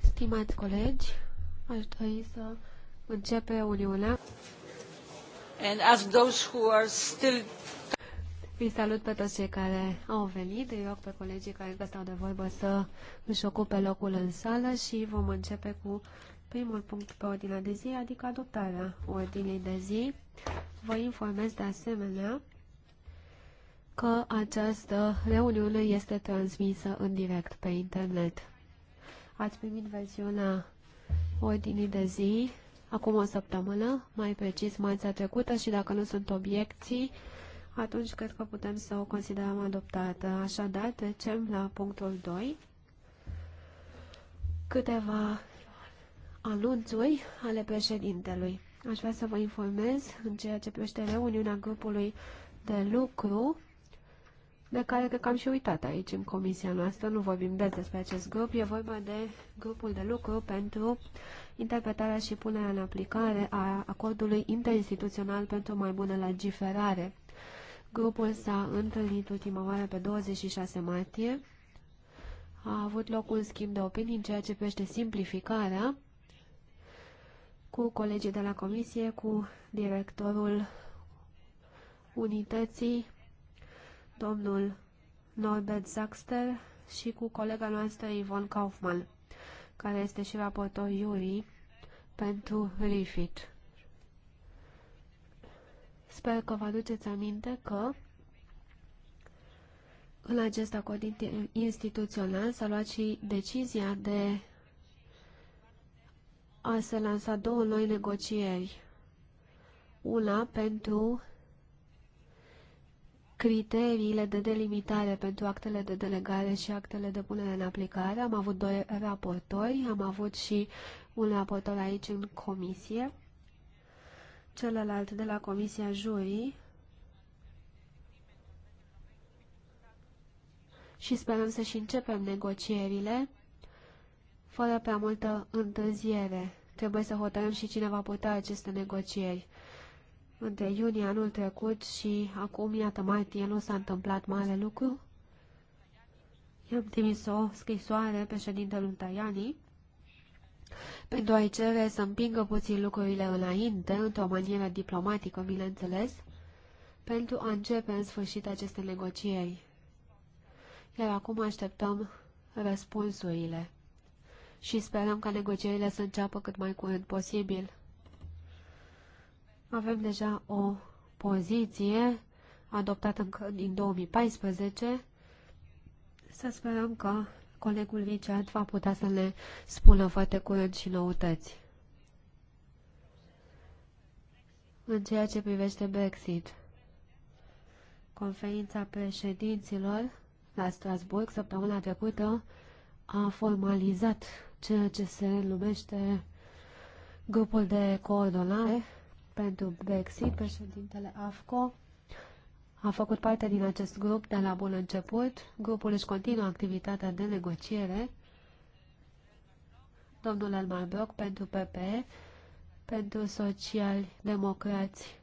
Stimați colegi, aș dori să începe Uniunea. And ask those who are still... Îi salut pe toți cei care au venit, îi rog pe colegii care încă stau de vorbă să își ocupe locul în sală și vom începe cu primul punct pe ordinea de zi, adică adoptarea ordinii de zi. Vă informez de asemenea că această reuniune este transmisă în direct pe internet. Ați primit versiunea ordinii de zi acum o săptămână, mai precis marțea trecută și dacă nu sunt obiecții, atunci cred că putem să o considerăm adoptată. Așadar, trecem la punctul 2. Câteva anunțuri ale președintelui. Aș vrea să vă informez în ceea ce privește reuniunea grupului de lucru de care cred că am și uitat aici, în comisia noastră, nu vorbim des despre acest grup, e vorba de grupul de lucru pentru interpretarea și punerea în aplicare a acordului interinstituțional pentru mai bună legiferare. Grupul s-a întâlnit ultima oară pe 26 martie, a avut loc un schimb de opinii în ceea ce privește simplificarea cu colegii de la comisie, cu directorul unității domnul Norbert Zaxter și cu colega noastră Ivon Kaufman, care este și raportor Iuri pentru Refit. Sper că vă aduceți aminte că în acest acord instituțional s-a luat și decizia de a se lansa două noi negocieri. Una pentru criteriile de delimitare pentru actele de delegare și actele de punere în aplicare. Am avut doi raportori, am avut și un raportor aici în comisie, celălalt de la comisia jurii, și sperăm să și începem negocierile fără prea multă întârziere. Trebuie să hotărâm și cine va putea aceste negocieri între iunie anul trecut și acum, iată, martie, nu s-a întâmplat mare lucru. I-am trimis o scrisoare președintelui Tajani pentru a-i cere să împingă puțin lucrurile înainte, într-o manieră diplomatică, bineînțeles, pentru a începe în sfârșit aceste negocieri. Iar acum așteptăm răspunsurile și sperăm ca negocierile să înceapă cât mai curând posibil. Avem deja o poziție adoptată încă din 2014. Să sperăm că colegul Richard va putea să ne spună foarte curând și noutăți. În ceea ce privește Brexit, conferința președinților la Strasburg săptămâna trecută a formalizat ceea ce se numește grupul de coordonare pentru Brexit, președintele AFCO a făcut parte din acest grup de la bun început. Grupul își continuă activitatea de negociere. Domnul Elmar Brock pentru PPE, pentru social-democrați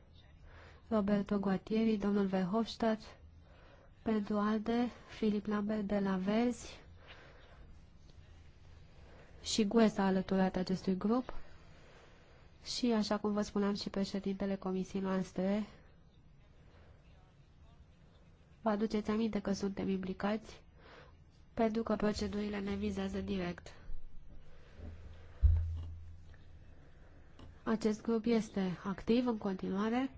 Roberto Guattieri, domnul Verhofstadt, pentru ALDE, Filip Lambert de la Verzi și Gues a alăturat acestui grup și, așa cum vă spuneam și președintele comisiei noastre, vă aduceți aminte că suntem implicați pentru că procedurile ne vizează direct. Acest grup este activ în continuare.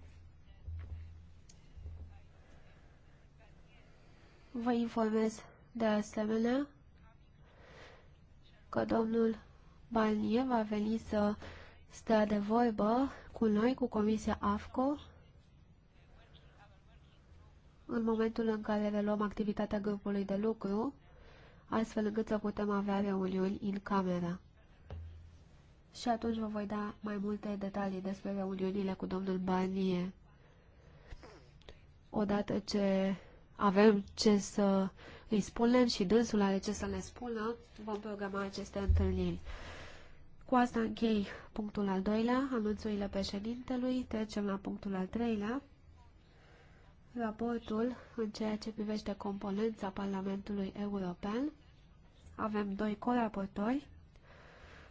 Vă informez de asemenea că domnul Balnie va veni să stă de vorbă cu noi, cu Comisia AFCO, în momentul în care reluăm activitatea grupului de lucru, astfel încât să putem avea reuniuni în camera. Și atunci vă voi da mai multe detalii despre reuniunile cu domnul Barnier. Odată ce avem ce să îi spunem și dânsul are ce să ne spună, vom programa aceste întâlniri. Cu asta închei punctul al doilea, anunțurile președintelui. Trecem la punctul al treilea, raportul în ceea ce privește componența Parlamentului European. Avem doi coraportori,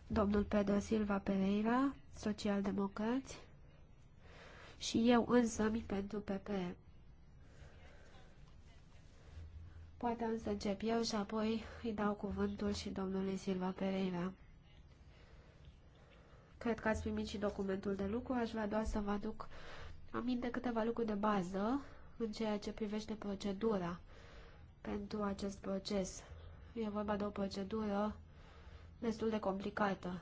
domnul Pedro Silva Pereira, socialdemocrați, și eu însămi pentru PPE. Poate am să încep eu și apoi îi dau cuvântul și domnului Silva Pereira. Cred că ați primit și documentul de lucru. Aș vrea doar să vă aduc aminte câteva lucruri de bază în ceea ce privește procedura pentru acest proces. E vorba de o procedură destul de complicată.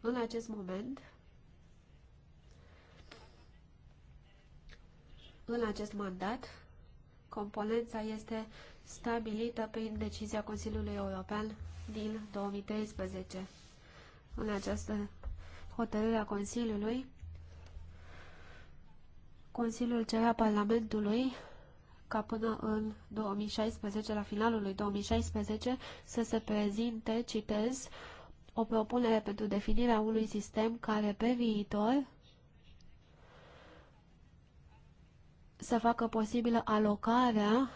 În acest moment, în acest mandat, componența este stabilită prin decizia Consiliului European din 2013 în această hotărâre a Consiliului. Consiliul cerea Parlamentului ca până în 2016, la finalul lui 2016, să se prezinte, citez, o propunere pentru definirea unui sistem care pe viitor să facă posibilă alocarea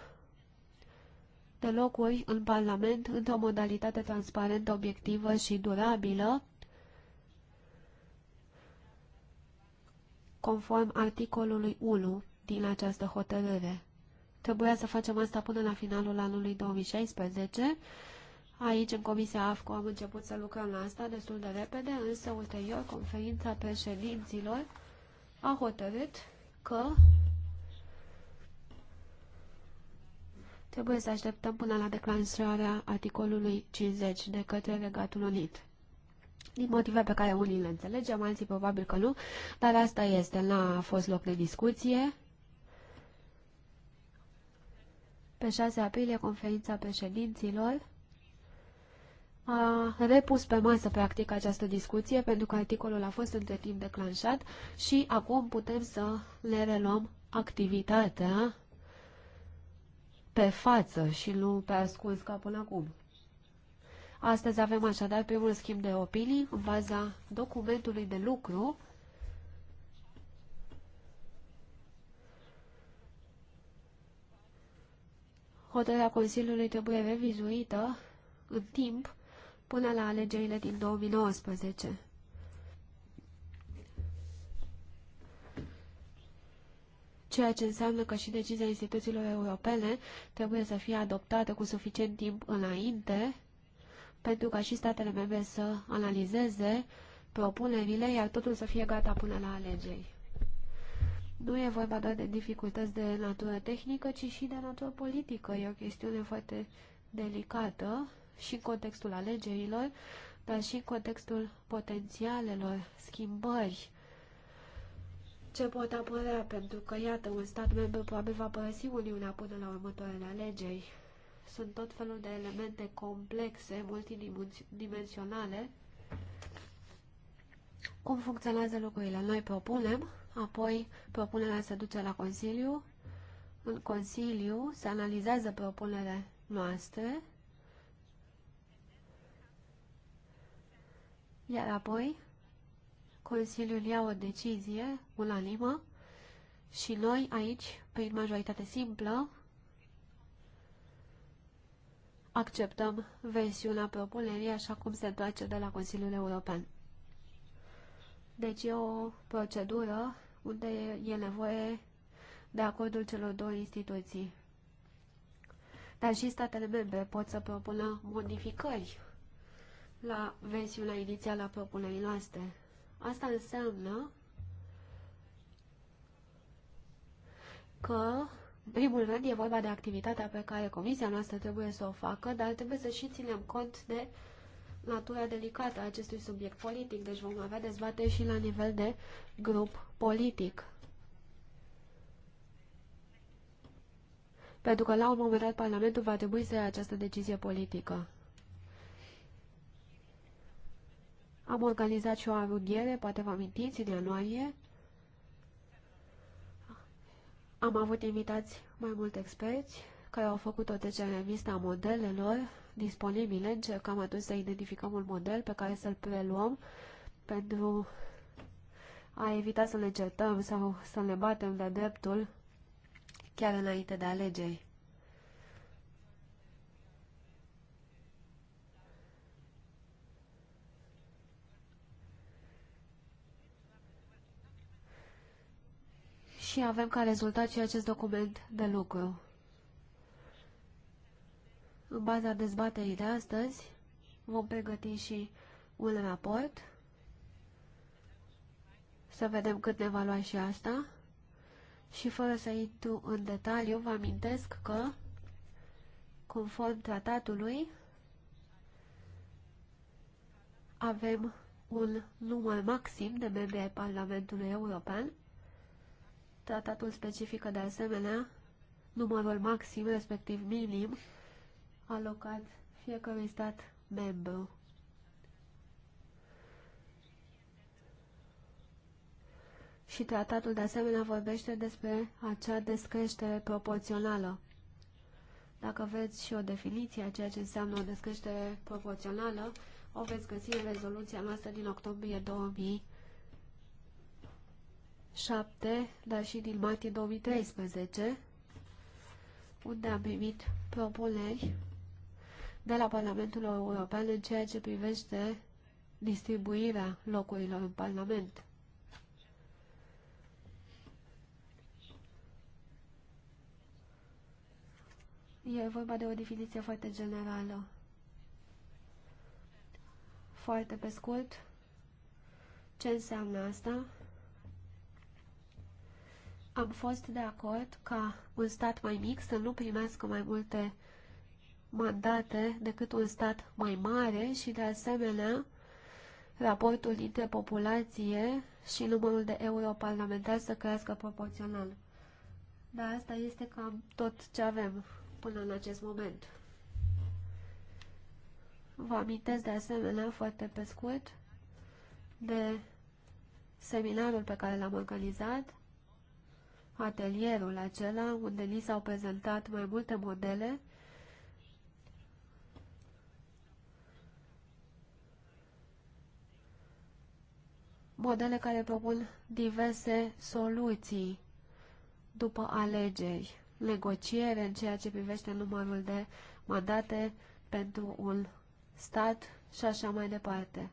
de locuri în Parlament într-o modalitate transparentă, obiectivă și durabilă, conform articolului 1 din această hotărâre. Trebuia să facem asta până la finalul anului 2016. Aici, în Comisia AFCO, am început să lucrăm la asta destul de repede, însă ulterior conferința președinților a hotărât că trebuie să așteptăm până la declanșarea articolului 50 de către Regatul Unit din motive pe care unii le înțelegem, alții probabil că nu, dar asta este, n-a fost loc de discuție. Pe 6 aprilie, conferința președinților a repus pe masă, practic, această discuție, pentru că articolul a fost între timp declanșat și acum putem să le reluăm activitatea pe față și nu pe ascuns ca până acum. Astăzi avem așadar primul schimb de opinii în baza documentului de lucru Hotărârea Consiliului trebuie revizuită în timp până la alegerile din 2019. Ceea ce înseamnă că și decizia instituțiilor europene trebuie să fie adoptată cu suficient timp înainte pentru ca și statele membre să analizeze propunerile, iar totul să fie gata până la alegeri. Nu e vorba doar de dificultăți de natură tehnică, ci și de natură politică. E o chestiune foarte delicată și în contextul alegerilor, dar și în contextul potențialelor schimbări ce pot apărea, pentru că, iată, un stat membru probabil va părăsi Uniunea până la următoarele alegeri sunt tot felul de elemente complexe, multidimensionale. Cum funcționează lucrurile? Noi propunem, apoi propunerea se duce la Consiliu, în Consiliu se analizează propunerea noastre, iar apoi Consiliul ia o decizie unanimă și noi aici, prin majoritate simplă, acceptăm versiunea propunerii așa cum se place de la Consiliul European. Deci e o procedură unde e nevoie de acordul celor două instituții. Dar și statele membre pot să propună modificări la versiunea inițială a propunerii noastre. Asta înseamnă că primul rând, e vorba de activitatea pe care comisia noastră trebuie să o facă, dar trebuie să și ținem cont de natura delicată a acestui subiect politic, deci vom avea dezbateri și la nivel de grup politic. Pentru că la un moment dat Parlamentul va trebui să ia această decizie politică. Am organizat și o arughiere, poate vă amintiți, în ianuarie, am avut invitați mai mulți experți care au făcut o trecere în vista modelelor disponibile. Încercăm atunci să identificăm un model pe care să-l preluăm pentru a evita să le certăm sau să ne batem de dreptul chiar înainte de alegeri. și avem ca rezultat și acest document de lucru. În baza dezbaterii de astăzi vom pregăti și un raport, să vedem cât ne va lua și asta. Și fără să intru în detaliu, vă amintesc că, conform tratatului, avem un număr maxim de membri ai Parlamentului European Tratatul specifică de asemenea numărul maxim, respectiv minim, alocat fiecărui stat membru. Și tratatul de asemenea vorbește despre acea descreștere proporțională. Dacă veți și o definiție a ceea ce înseamnă o descreștere proporțională, o veți găsi în rezoluția noastră din octombrie 2000. 7, dar și din martie 2013, unde am primit propuneri de la Parlamentul European în ceea ce privește distribuirea locurilor în Parlament. E vorba de o definiție foarte generală. Foarte pe scurt, ce înseamnă asta? Am fost de acord ca un stat mai mic să nu primească mai multe mandate decât un stat mai mare și, de asemenea, raportul dintre populație și numărul de europarlamentari să crească proporțional. Dar asta este cam tot ce avem până în acest moment. Vă amintesc de asemenea, foarte pe scurt, de seminarul pe care l-am organizat atelierul acela unde li s-au prezentat mai multe modele modele care propun diverse soluții după alegeri, negociere în ceea ce privește numărul de mandate pentru un stat și așa mai departe.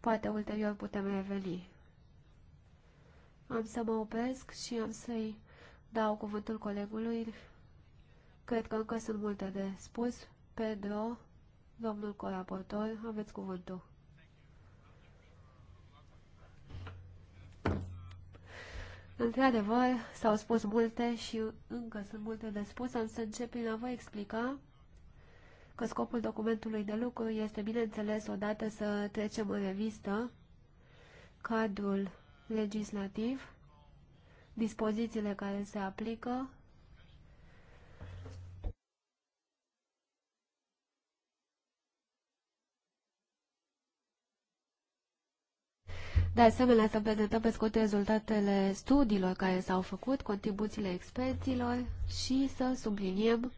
Poate ulterior putem reveni. Am să mă opresc și am să-i dau cuvântul colegului. Cred că încă sunt multe de spus. Pedro, domnul coraportor, aveți cuvântul. Într-adevăr, s-au spus multe și încă sunt multe de spus. Am să încep prin a vă explica că scopul documentului de lucru este, bineînțeles, odată să trecem în revistă cadrul legislativ, dispozițiile care se aplică, De asemenea, să prezentăm pe scurt rezultatele studiilor care s-au făcut, contribuțiile experților și să subliniem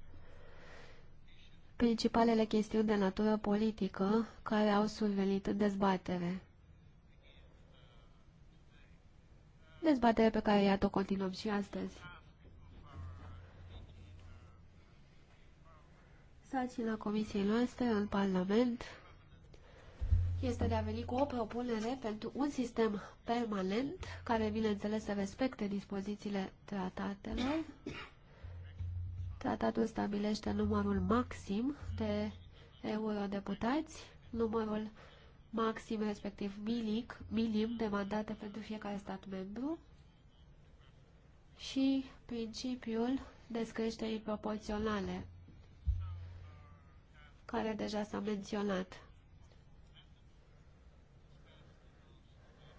principalele chestiuni de natură politică care au survenit în dezbatere. dezbatere pe care iată o continuăm și astăzi. Sarcina comisiei noastre în Parlament este de a veni cu o propunere pentru un sistem permanent care, bineînțeles, să respecte dispozițiile tratatelor. Tratatul stabilește numărul maxim de eurodeputați, numărul maxim, respectiv milic, minim de mandate pentru fiecare stat membru și principiul descreșterii proporționale, care deja s-a menționat.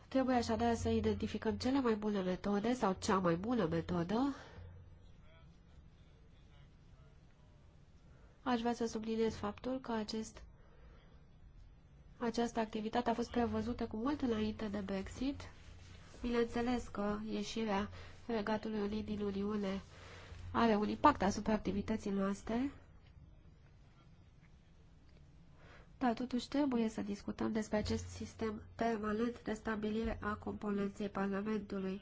Trebuie așadar să identificăm cele mai bune metode sau cea mai bună metodă. Aș vrea să subliniez faptul că acest această activitate a fost prevăzută cu mult înainte de Brexit. Bineînțeles că ieșirea Regatului Unit din Uniune are un impact asupra activității noastre, dar totuși trebuie să discutăm despre acest sistem permanent de stabilire a componenței Parlamentului.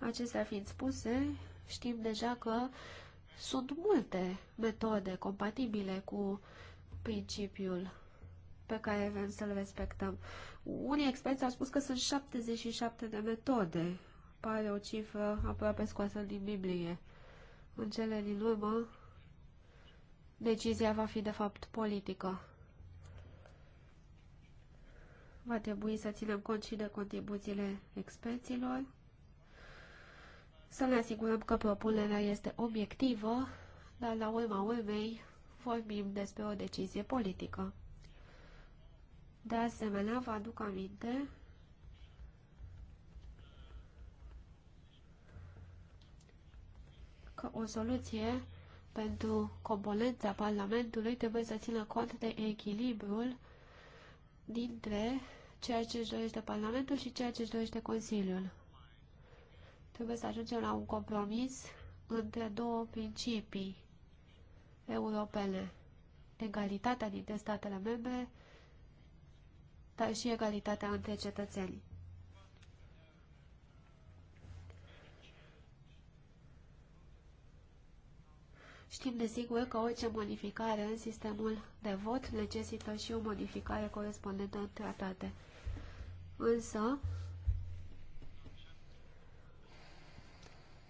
Acestea fiind spuse, știm deja că sunt multe metode compatibile cu principiul pe care vrem să l respectăm. Unii experți au spus că sunt 77 de metode. Pare o cifră aproape scoasă din Biblie. În cele din urmă, decizia va fi de fapt politică. Va trebui să ținem cont și de contribuțiile experților, să ne asigurăm că propunerea este obiectivă, dar la urma urmei vorbim despre o decizie politică. De asemenea, vă aduc aminte că o soluție pentru componența Parlamentului trebuie să țină cont de echilibrul dintre ceea ce își dorește Parlamentul și ceea ce își dorește Consiliul. Trebuie să ajungem la un compromis între două principii europene. Egalitatea dintre statele membre dar și egalitatea între cetățeni. Știm desigur că orice modificare în sistemul de vot necesită și o modificare corespondentă în tratate. Însă,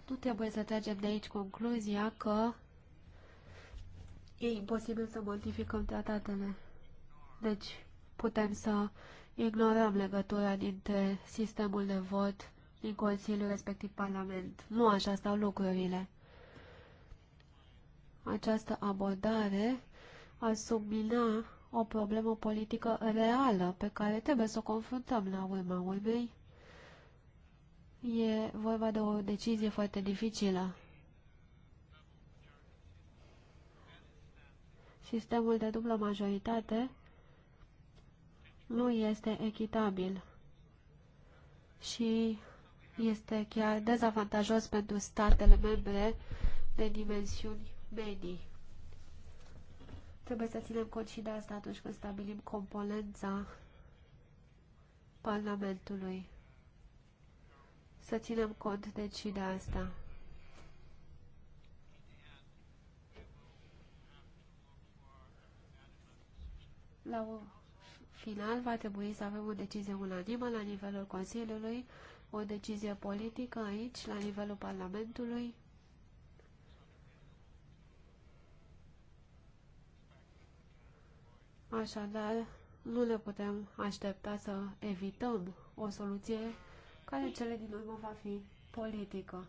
nu trebuie să tragem de aici concluzia că e imposibil să modificăm tratatele. Deci, putem să ignorăm legătura dintre sistemul de vot din Consiliul respectiv Parlament. Nu așa stau lucrurile. Această abordare a submina o problemă politică reală pe care trebuie să o confruntăm la urma urmei. E vorba de o decizie foarte dificilă. Sistemul de dublă majoritate nu este echitabil și este chiar dezavantajos pentru statele membre de dimensiuni medii. Trebuie să ținem cont și de asta atunci când stabilim componența Parlamentului. Să ținem cont deci și de asta. La final va trebui să avem o decizie unanimă la nivelul Consiliului, o decizie politică aici, la nivelul Parlamentului. Așadar, nu ne putem aștepta să evităm o soluție care cele din urmă va fi politică.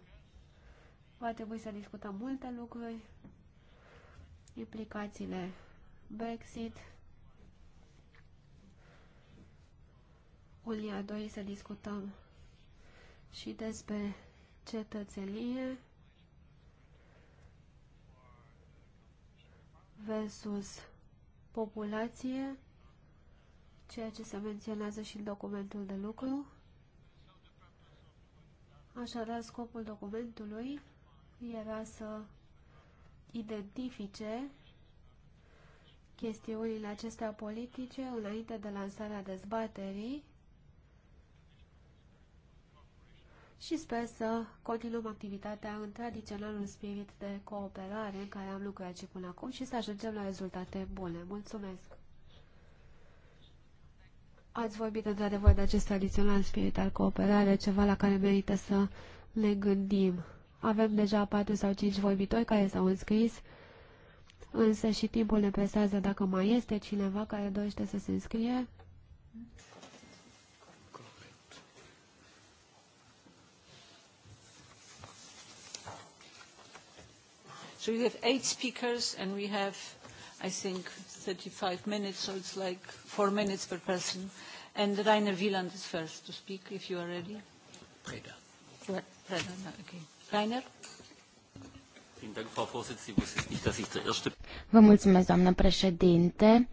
Va trebui să discutăm multe lucruri, implicațiile Brexit, a 2 să discutăm și despre cetățenie versus populație, ceea ce se menționează și în documentul de lucru. Așadar, scopul documentului era să identifice chestiunile acestea politice înainte de lansarea dezbaterii și sper să continuăm activitatea în tradiționalul spirit de cooperare în care am lucrat și până acum și să ajungem la rezultate bune. Mulțumesc! Ați vorbit într-adevăr de acest tradițional spirit al cooperare, ceva la care merită să ne gândim. Avem deja 4 sau 5 vorbitori care s-au înscris, însă și timpul ne presează dacă mai este cineva care dorește să se înscrie. So we have eight speakers and we have, I think, 35 minutes, so it's like four minutes per person. And Rainer Wieland is first to speak, if you are ready. Preda. Preda, okay. Rainer? Vă mulțumesc, doamnă președinte.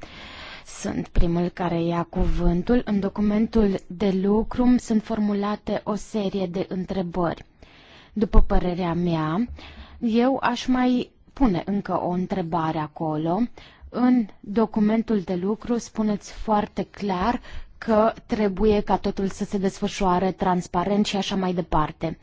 Sunt primul care ia cuvântul. În documentul de lucru sunt formulate o serie de întrebări. După părerea mea, eu aș mai pune încă o întrebare acolo. În documentul de lucru spuneți foarte clar că trebuie ca totul să se desfășoare transparent și așa mai departe.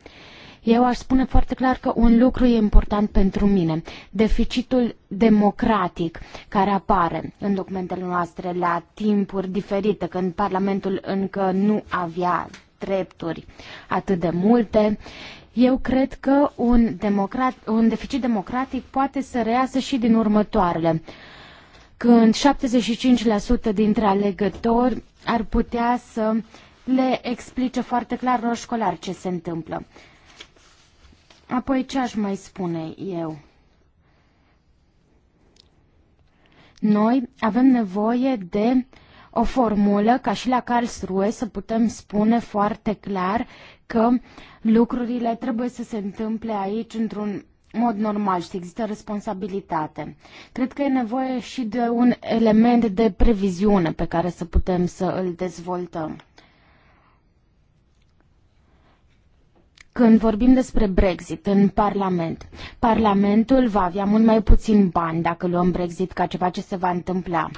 Eu aș spune foarte clar că un lucru e important pentru mine, deficitul democratic care apare în documentele noastre la timpuri diferite, când Parlamentul încă nu avea drepturi atât de multe. Uh, eu cred că un, democrat, un deficit democratic poate să reiasă și din următoarele. Când 75% dintre alegători ar putea să le explice foarte clar lor școlar ce se întâmplă. Apoi ce aș mai spune eu? Noi avem nevoie de uh, o formulă ca și la Karlsruhe să putem spune foarte clar că lucrurile trebuie să se întâmple aici într-un mod normal și există responsabilitate. Cred că e nevoie și de un element de previziune pe care să putem să îl dezvoltăm. când vorbim despre Brexit în Parlament. Parlamentul va avea mult mai puțin bani dacă luăm Brexit ca ceva ce se va întâmpla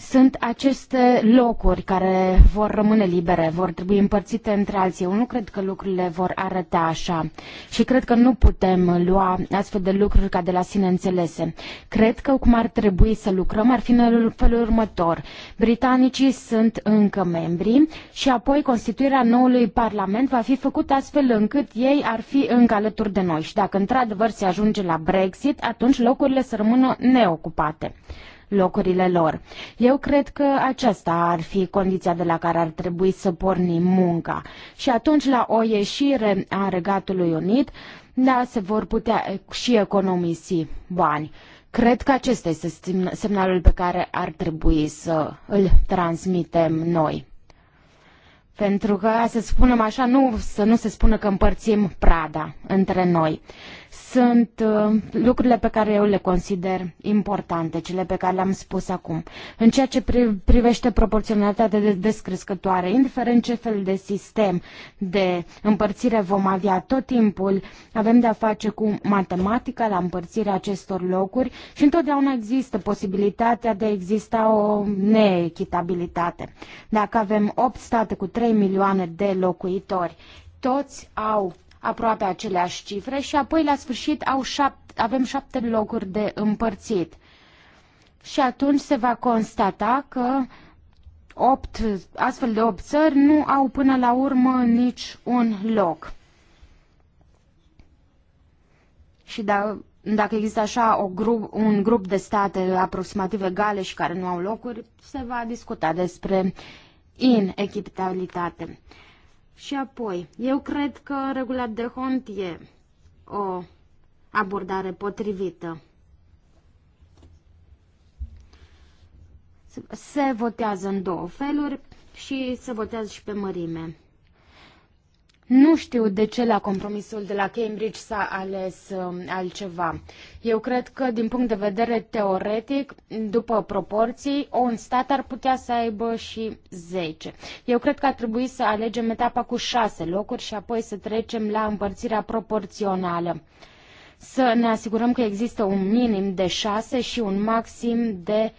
sunt aceste locuri care vor rămâne libere, vor trebui împărțite între alții. Eu nu cred că lucrurile vor arăta așa și cred că nu putem lua astfel de lucruri ca de la sine înțelese. Cred că cum ar trebui să lucrăm ar fi în felul următor. Britanicii sunt încă membri și apoi constituirea noului parlament va fi făcută astfel încât ei ar fi încă alături de noi și dacă într-adevăr se ajunge la Brexit, atunci locurile să rămână neocupate locurile lor. Eu cred că aceasta ar fi condiția de la care ar trebui să pornim munca. Și atunci la o ieșire a Regatului Unit, da, se vor putea și economisi bani. Cred că acesta este semnalul pe care ar trebui să îl transmitem noi. Pentru că, să spunem așa, nu, să nu se spună că împărțim prada între noi sunt uh, lucrurile pe care eu le consider importante, cele pe care le-am spus acum. În ceea ce pri- privește proporționalitatea de descrescătoare, indiferent ce fel de sistem de împărțire vom avea tot timpul, avem de-a face cu matematica la împărțirea acestor locuri și întotdeauna există posibilitatea de a exista o neechitabilitate. Dacă avem 8 state cu 3 milioane de locuitori, toți au aproape aceleași cifre și apoi la sfârșit au șapte, avem șapte locuri de împărțit. Și atunci se va constata că opt, astfel de 8 țări nu au până la urmă nici un loc. Și da, dacă există așa o grup, un grup de state aproximativ egale și care nu au locuri, se va discuta despre inechitabilitate. Și apoi, eu cred că regula de Hont e o abordare potrivită. Se votează în două feluri și se votează și pe mărime. Nu știu de ce la compromisul de la Cambridge s-a ales um, altceva. Eu cred că, din punct de vedere teoretic, după proporții, un stat ar putea să aibă și 10. Eu cred că ar trebui să alegem etapa cu 6 locuri și apoi să trecem la împărțirea proporțională să ne asigurăm că există un minim de 6 și un maxim de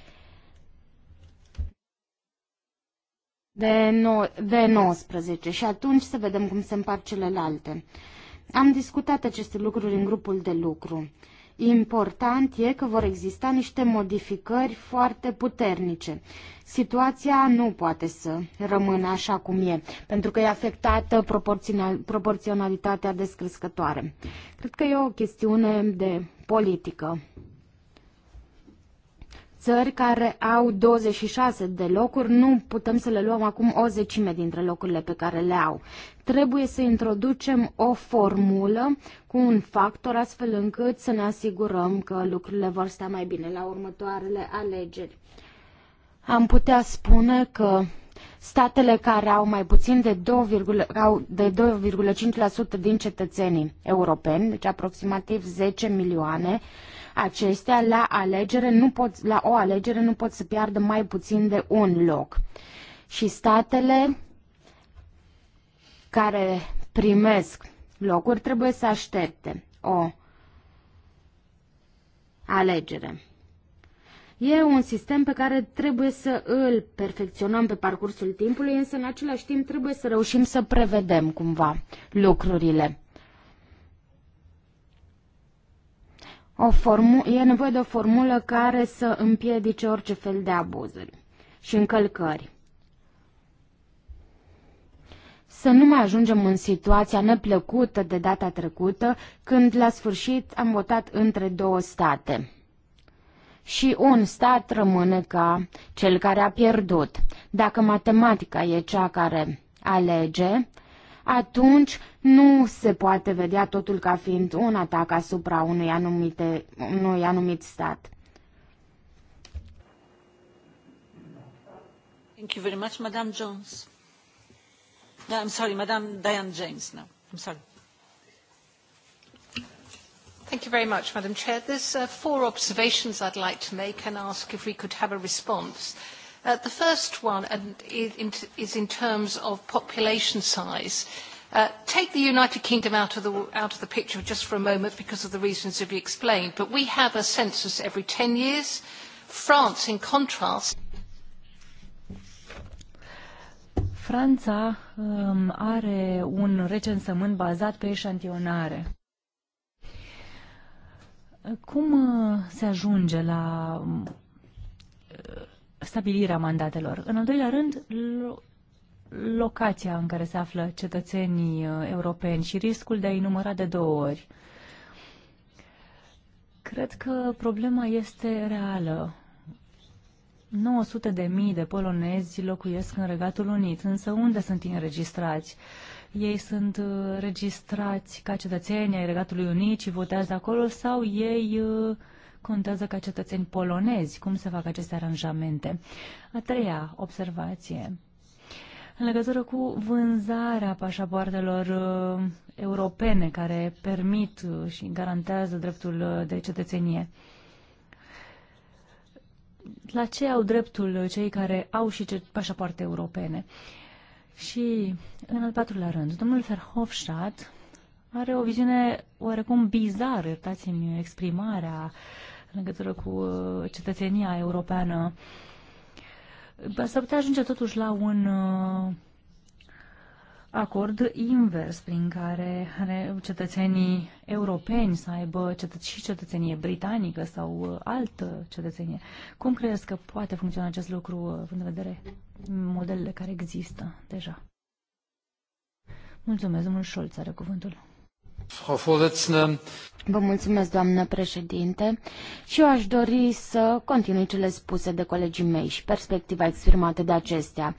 de, no, de 19 și atunci să vedem cum se împar celelalte. Am discutat aceste lucruri în grupul de lucru. Important e că vor exista niște modificări foarte puternice. Situația nu poate să rămână așa cum e, pentru că e afectată proporțional, proporționalitatea descrescătoare. Cred că e o chestiune de politică țări care au 26 de locuri, nu putem să le luăm acum o zecime dintre locurile pe care le au. Trebuie să introducem o formulă cu un factor astfel încât să ne asigurăm că lucrurile vor sta mai bine la următoarele alegeri. Am putea spune că statele care au mai puțin de 2,5% din cetățenii europeni, deci aproximativ 10 milioane, acestea la, alegere nu pot, la o alegere nu pot să piardă mai puțin de un loc. Și statele care primesc locuri trebuie să aștepte o alegere. E un sistem pe care trebuie să îl perfecționăm pe parcursul timpului, însă în același timp trebuie să reușim să prevedem cumva lucrurile. o formu- e nevoie de o formulă care să împiedice orice fel de abuzuri și încălcări. Să nu mai ajungem în situația neplăcută de data trecută, când la sfârșit am votat între două state. Și un stat rămâne ca cel care a pierdut. Dacă matematica e cea care alege, atunci nu se poate vedea totul ca fiind un atac asupra unui, anumite, unui anumit stat. Thank you very much, Madame Jones. No, I'm sorry, Madame Diane James now. I'm sorry. Thank you very much, Madam Chair. There's uh, four observations I'd like to make and ask if we could have a response. Uh, the first one is in terms of population size. Uh, Uh, take the United Kingdom out of the, out of the picture just for a moment because of the reasons that we explained, but we have a census every 10 years. France, in contrast... Franța um, are un recensământ bazat pe eșantionare. Cum uh, se ajunge la uh, stabilirea mandatelor? În al doilea rând, locația în care se află cetățenii uh, europeni și riscul de a-i număra de două ori. Cred că problema este reală. 900 de mii de polonezi locuiesc în Regatul Unit, însă unde sunt înregistrați? Ei sunt uh, registrați ca cetățeni ai Regatului Unit și votează acolo sau ei uh, contează ca cetățeni polonezi? Cum se fac aceste aranjamente? A treia observație în legătură cu vânzarea pașapoartelor uh, europene care permit uh, și garantează dreptul uh, de cetățenie. La ce au dreptul cei care au și pașapoarte europene? Și, în al patrulea rând, domnul Verhofstadt are o viziune oarecum bizară, iertați-mi exprimarea, în legătură cu uh, cetățenia europeană. Uh, S-ar putea ajunge totuși la un uh, acord invers prin care cetățenii europeni să aibă cetăț- și cetățenie britanică sau uh, altă cetățenie. Cum crezi că poate funcționa acest lucru uh, în vedere modelele care există deja? Mulțumesc, domnul Scholz are cuvântul. Vă mulțumesc, doamnă președinte, și eu aș dori să continui cele spuse de colegii mei și perspectiva exprimată de acestea.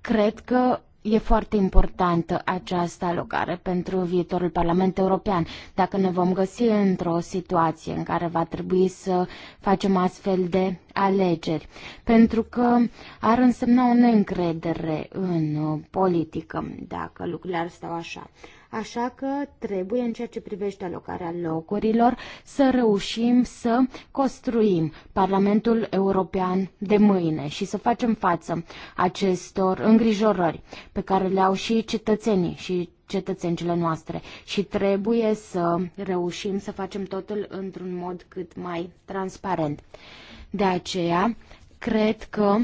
Cred că e foarte importantă această alocare pentru viitorul Parlament European. Dacă ne vom găsi într-o situație în care va trebui să facem astfel de alegeri, pentru că ar însemna o neîncredere în uh, politică dacă lucrurile ar stau așa. Așa că trebuie, în ceea ce privește alocarea locurilor, să reușim să construim Parlamentul European de mâine și să facem față acestor îngrijorări pe care le au și cetățenii și cetățencile noastre și trebuie să reușim să facem totul într-un mod cât mai transparent. De aceea, cred că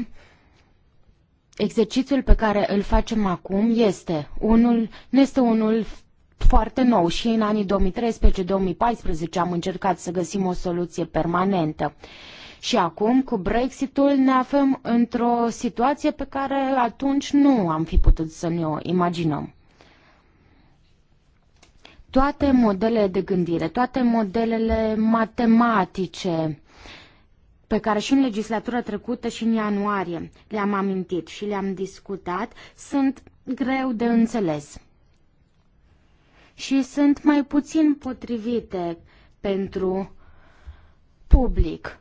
exercițiul pe care îl facem acum este unul, este unul foarte nou și în anii 2013-2014 am încercat să găsim o soluție permanentă. Și acum, cu Brexitul, ne aflăm într-o situație pe care atunci nu am fi putut să ne o imaginăm. Toate modelele de gândire, toate modelele matematice pe care și în legislatura trecută și în ianuarie le-am amintit și le-am discutat, sunt greu de înțeles și sunt mai puțin potrivite pentru public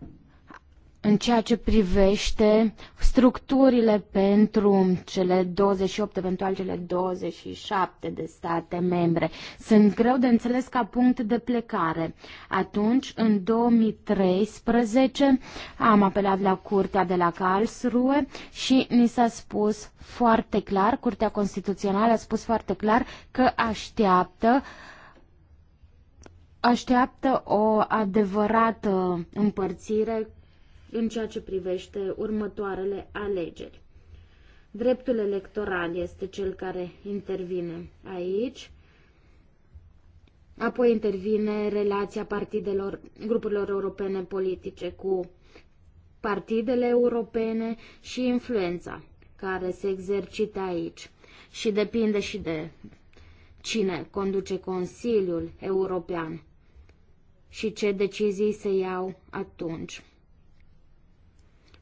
în ceea ce privește structurile pentru cele 28, eventual cele 27 de state membre. Sunt greu de înțeles ca punct de plecare. Atunci, în 2013, am apelat la Curtea de la Karlsruhe și ni s-a spus foarte clar, Curtea Constituțională a spus foarte clar că așteaptă așteaptă o adevărată împărțire în ceea ce privește următoarele alegeri. Dreptul electoral este cel care intervine aici. Apoi intervine relația partidelor, grupurilor europene politice cu partidele europene și influența care se exercită aici. Și depinde și de cine conduce Consiliul European și ce decizii se iau atunci.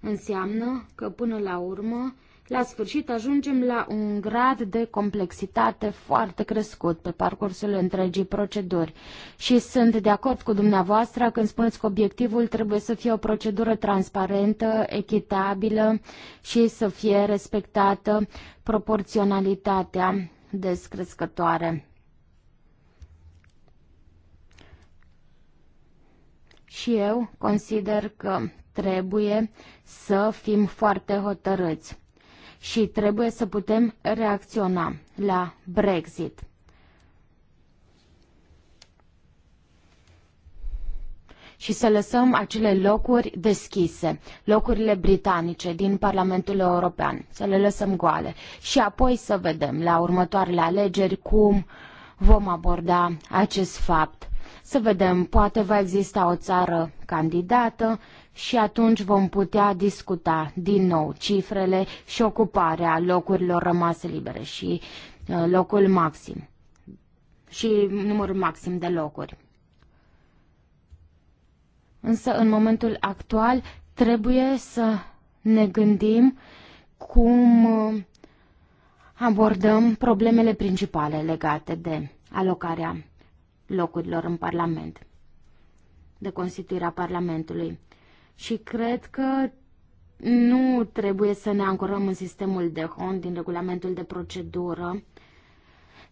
Înseamnă că până la urmă, la sfârșit ajungem la un grad de complexitate foarte crescut pe parcursul întregii proceduri. Și sunt de acord cu dumneavoastră când spuneți că obiectivul trebuie să fie o procedură transparentă, echitabilă și să fie respectată proporționalitatea descrescătoare. Și eu consider că trebuie să fim foarte hotărâți și trebuie să putem reacționa la Brexit. și să lăsăm acele locuri deschise, locurile britanice din Parlamentul European, să le lăsăm goale și apoi să vedem la următoarele alegeri cum vom aborda acest fapt. Să vedem, poate va exista o țară candidată, și atunci vom putea discuta din nou cifrele și ocuparea locurilor rămase libere și uh, locul maxim și numărul maxim de locuri. Însă, în momentul actual, trebuie să ne gândim cum uh, abordăm problemele principale legate de alocarea locurilor în Parlament, de constituirea Parlamentului și cred că nu trebuie să ne ancorăm în sistemul de HON din regulamentul de procedură,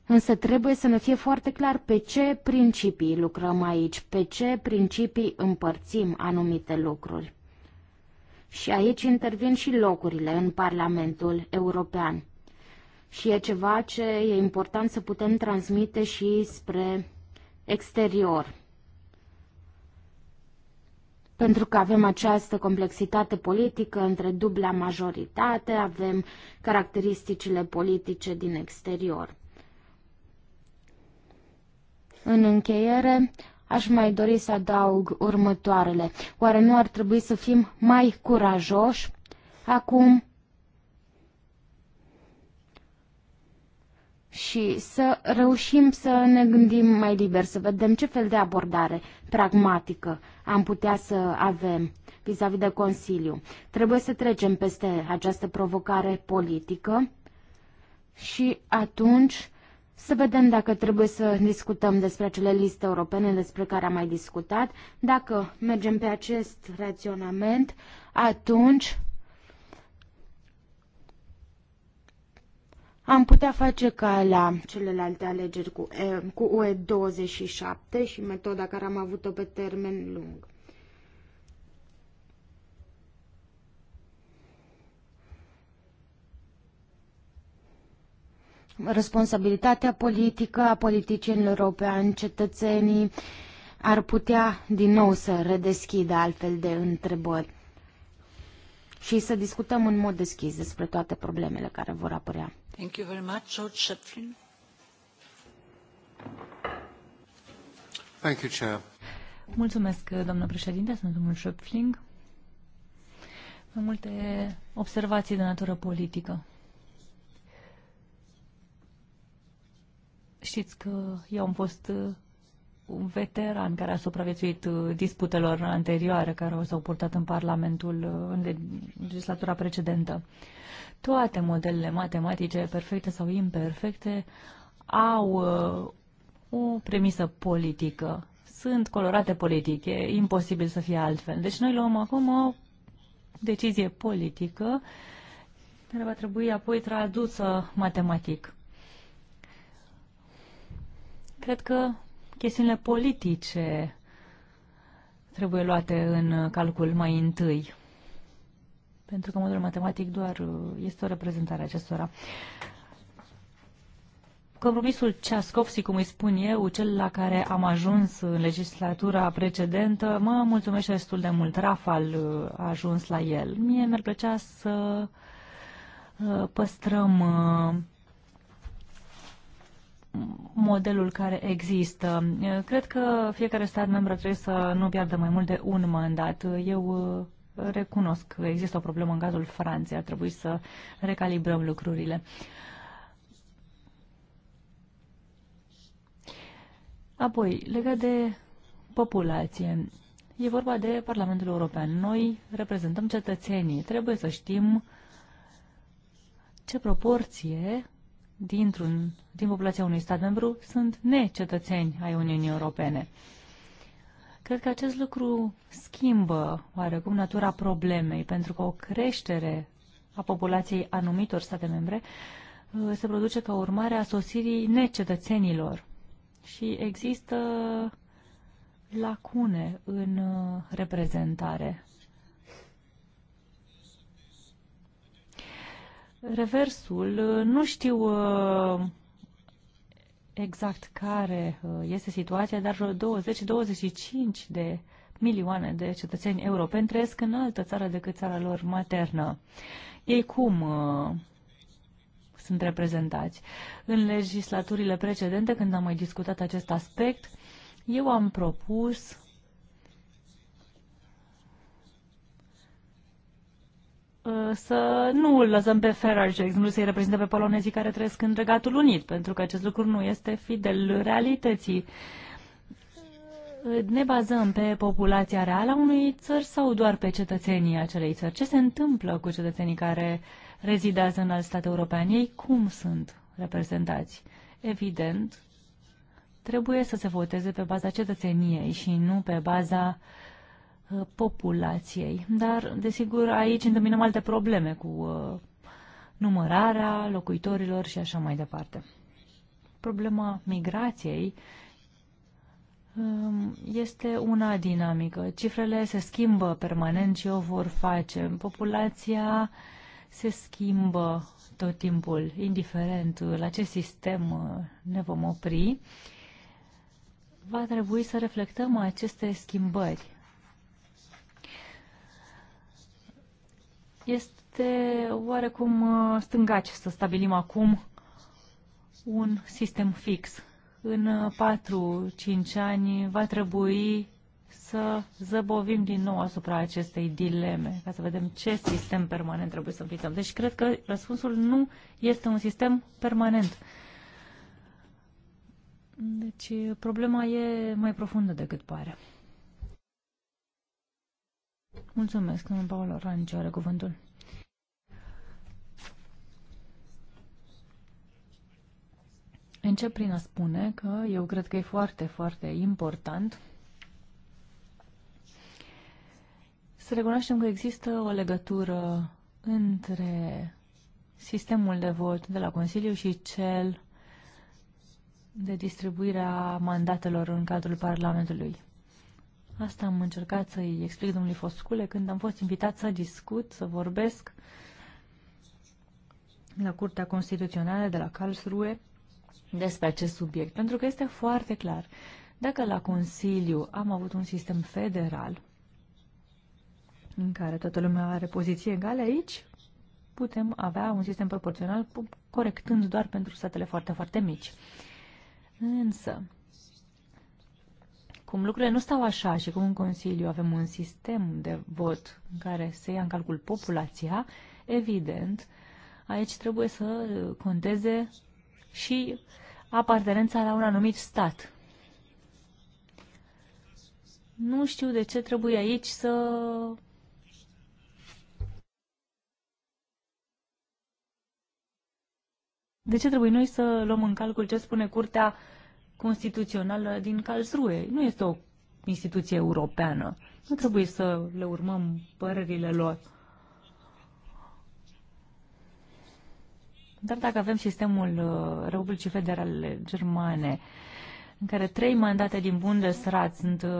însă trebuie să ne fie foarte clar pe ce principii lucrăm aici, pe ce principii împărțim anumite lucruri. Și aici intervin și locurile în Parlamentul European. Și e ceva ce e important să putem transmite și spre exterior pentru că avem această complexitate politică între dubla majoritate, avem caracteristicile politice din exterior. În încheiere, aș mai dori să adaug următoarele. Oare nu ar trebui să fim mai curajoși acum și să reușim să ne gândim mai liber, să vedem ce fel de abordare pragmatică am putea să avem vis-a-vis -vis de Consiliu. Trebuie să trecem peste această provocare politică și atunci să vedem dacă trebuie să discutăm despre acele liste europene despre care am mai discutat. Dacă mergem pe acest raționament, atunci am putea face ca la celelalte alegeri cu, cu UE27 și metoda care am avut-o pe termen lung. Responsabilitatea politică a politicienilor europeni, cetățenii, ar putea din nou să redeschidă altfel de întrebări și să discutăm în mod deschis despre toate problemele care vor apărea. Mulțumesc, președinte, Mai multe observații de natură politică. Știți că eu am fost un veteran care a supraviețuit uh, disputelor anterioare care s-au purtat în Parlamentul uh, în legislatura precedentă. Toate modelele matematice, perfecte sau imperfecte, au uh, o premisă politică. Sunt colorate politic, e imposibil să fie altfel. Deci noi luăm acum o decizie politică care va trebui apoi tradusă matematic. Cred că chestiunile politice trebuie luate în calcul mai întâi. Pentru că modul matematic doar uh, este o reprezentare a acestora. Compromisul Ceascovski, cum îi spun eu, cel la care am ajuns în legislatura precedentă, mă mulțumește destul de mult. Rafal uh, a ajuns la el. Mie mi-ar plăcea să uh, păstrăm modelul care există. Cred că fiecare stat membru trebuie să nu piardă mai mult de un mandat. Eu uh, recunosc că există o problemă în cazul Franței, ar trebui să recalibrăm lucrurile. Apoi, legat de populație, e vorba de Parlamentul European. Noi reprezentăm cetățenii, trebuie să știm ce proporție dintr-un, din populația unui stat membru sunt necetățeni ai Uniunii Europene. Cred că acest lucru schimbă oarecum natura problemei, pentru că o creștere a populației anumitor state membre uh, se produce ca urmare a sosirii necetățenilor și există lacune în uh, reprezentare Reversul, uh, nu știu uh, exact care uh, este situația, dar 20-25 de milioane de cetățeni europeni trăiesc în altă țară decât țara lor maternă. Ei cum sunt reprezentați? În legislaturile precedente, când am mai discutat acest aspect, eu am propus Uh, să nu îl lăsăm pe Ferrari, de exemplu, să-i reprezinte pe polonezii care trăiesc în Regatul Unit, pentru că acest lucru nu este fidel realității. Ne bazăm pe populația reală a unui țări sau doar pe cetățenii acelei țări? Ce se întâmplă cu cetățenii care rezidează în alt stat european? Ei cum sunt reprezentați? Evident, trebuie să se voteze pe baza cetățeniei și nu pe baza uh, Uh, populației. Dar, desigur, aici întâmpinăm alte probleme cu uh, numărarea locuitorilor și așa mai departe. Problema migrației um, este una dinamică. Cifrele se schimbă permanent și o vor face. Populația se schimbă tot timpul, indiferent la ce sistem uh, ne vom opri. Va trebui să reflectăm aceste schimbări Este oarecum uh, stângaci să stabilim acum un sistem fix. În 4-5 uh, ani va trebui să zăbovim din nou asupra acestei dileme, ca să vedem ce sistem permanent trebuie să înființăm. Deci cred că răspunsul nu este un sistem permanent. Deci problema e mai profundă decât pare. Mulțumesc, domnul Paul Orange are cuvântul. Încep prin a spune că eu cred că e foarte, foarte important să recunoaștem că există o legătură între sistemul de vot de la Consiliu și cel de distribuirea mandatelor în cadrul Parlamentului. Asta am încercat să-i explic domnului Foscule când am fost invitat să discut, să vorbesc la Curtea Constituțională de la Karlsruhe despre acest subiect, pentru că este foarte clar. Dacă la Consiliu am avut un sistem federal în care toată lumea are poziție egală aici, putem avea un sistem proporțional corectând doar pentru statele foarte, foarte mici. Însă, cum lucrurile nu stau așa și cum în Consiliu avem un sistem de vot în care se ia în calcul populația, evident, aici trebuie să conteze și apartenența la un anumit stat. Nu știu de ce trebuie aici să De ce trebuie noi să luăm în calcul ce spune Curtea constituțională din Karlsruhe. Nu este o instituție europeană. Nu trebuie să le urmăm părerile lor. Dar dacă avem sistemul uh, Republicii Federale Germane, în care trei mandate din Bundesrat sunt uh,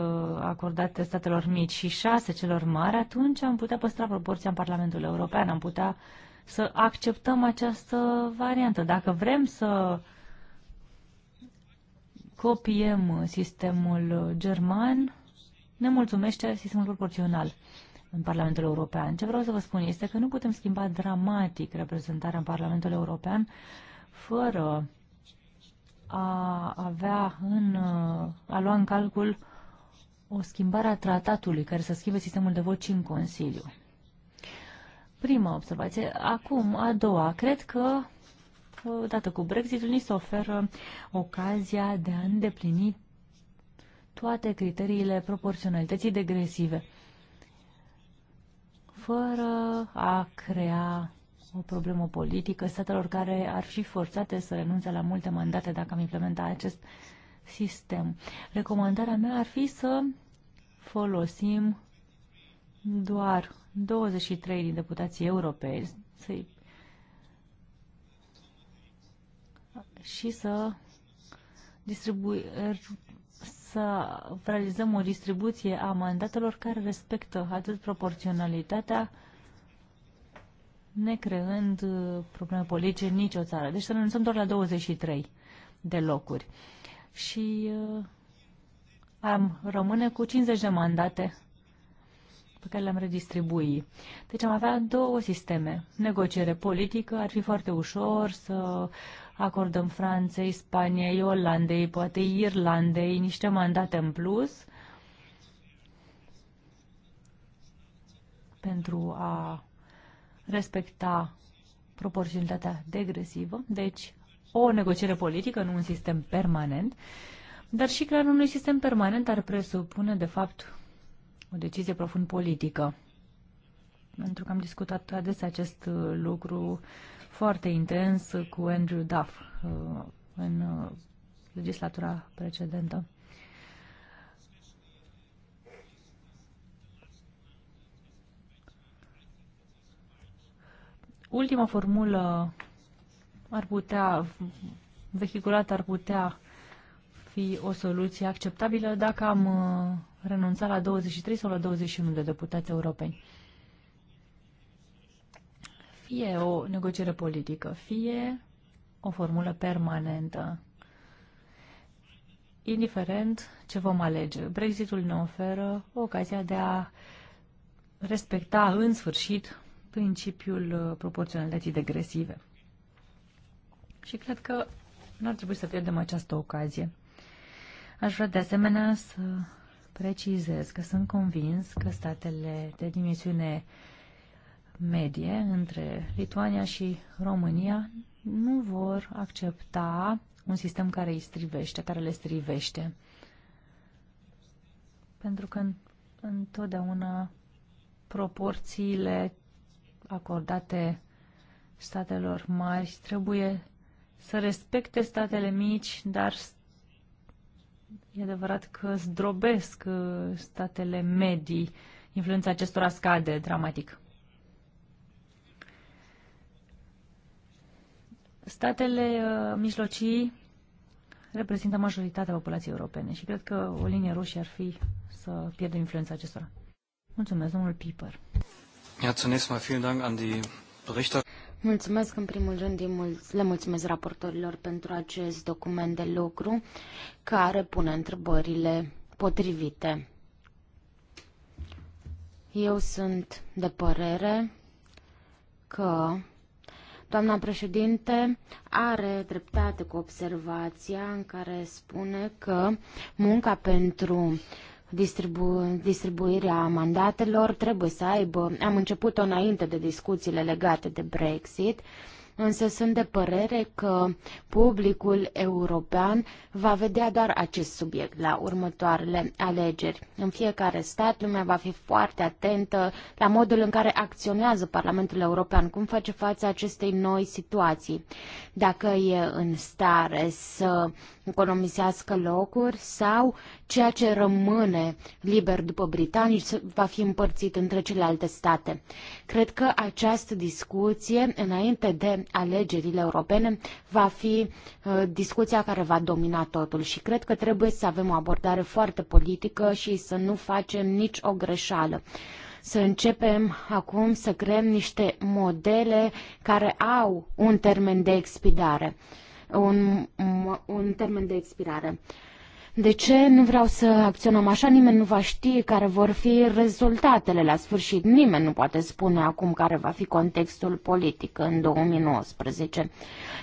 acordate statelor mici și șase celor mari, atunci am putea păstra proporția în Parlamentul European, am putea să acceptăm această variantă. Dacă vrem să uh, copiem sistemul german, ne mulțumește sistemul proporțional în Parlamentul European. Ce vreau să vă spun este că nu putem schimba dramatic reprezentarea în Parlamentul European fără a avea în, a lua în calcul o schimbare a tratatului care să schimbe sistemul de voci în Consiliu. Prima observație. Acum, a doua. Cred că odată cu Brexitul, ni se oferă ocazia de a îndeplini toate criteriile proporționalității degresive, fără a crea o problemă politică statelor care ar fi forțate să renunțe la multe mandate dacă am implementa acest sistem. Recomandarea mea ar fi să folosim doar 23 din deputații europeni, să-i și să distribui, er, să realizăm o distribuție a mandatelor care respectă atât proporționalitatea, necreând uh, probleme politice în nicio țară. Deci să ne lăsăm doar la 23 de locuri. Și uh, am rămâne cu 50 de mandate pe care le-am redistribui. Deci am avea două sisteme. Negociere politică, ar fi foarte ușor să acordăm Franței, Spaniei, Olandei, poate Irlandei niște mandate în plus pentru a respecta proporționalitatea degresivă, deci o negociere politică, nu un sistem permanent, dar și clar unui sistem permanent ar presupune, de fapt, o decizie profund politică. Pentru că am discutat adesea acest lucru foarte intens cu Andrew Duff uh, în uh, legislatura precedentă. Ultima formulă ar putea, vehiculată ar putea fi o soluție acceptabilă dacă am uh, renunțat la 23 sau la 21 de deputați europeni fie o negociere politică, fie o formulă permanentă. Indiferent ce vom alege, Brexitul ne oferă ocazia de a respecta în sfârșit principiul proporționalității degresive. Și cred că nu ar trebui să pierdem această ocazie. Aș vrea de asemenea să precizez că sunt convins că statele de dimensiune medie între Lituania și România nu vor accepta un sistem care îi strivește, care le strivește. Pentru că întotdeauna proporțiile acordate statelor mari trebuie să respecte statele mici, dar e adevărat că zdrobesc uh, statele medii. Influența acestora scade dramatic. Statele uh, mijlocii reprezintă majoritatea populației europene și cred că o linie roșie ar fi să pierdă influența acestora. Mulțumesc, domnul Piper. Mulțumesc în primul rând, le mulțumesc raportorilor pentru acest document de lucru care pune întrebările potrivite. Eu sunt de părere că Doamna președinte are dreptate cu observația în care spune că munca pentru distribu- distribuirea mandatelor trebuie să aibă, am început-o înainte de discuțiile legate de Brexit, însă sunt de părere că publicul european va vedea doar acest subiect la următoarele alegeri. În fiecare stat, lumea va fi foarte atentă la modul în care acționează Parlamentul European, cum face față acestei noi situații. Dacă e în stare să economisească locuri sau ceea ce rămâne liber după britanici va fi împărțit între celelalte state. Cred că această discuție, înainte de alegerile europene, va fi uh, discuția care va domina totul și cred că trebuie să avem o abordare foarte politică și să nu facem nici o greșeală să începem acum să creăm niște modele care au un termen de expirare un, un termen de expirare. De ce nu vreau să acționăm așa? Nimeni nu va ști care vor fi rezultatele la sfârșit. Nimeni nu poate spune acum care va fi contextul politic în 2019.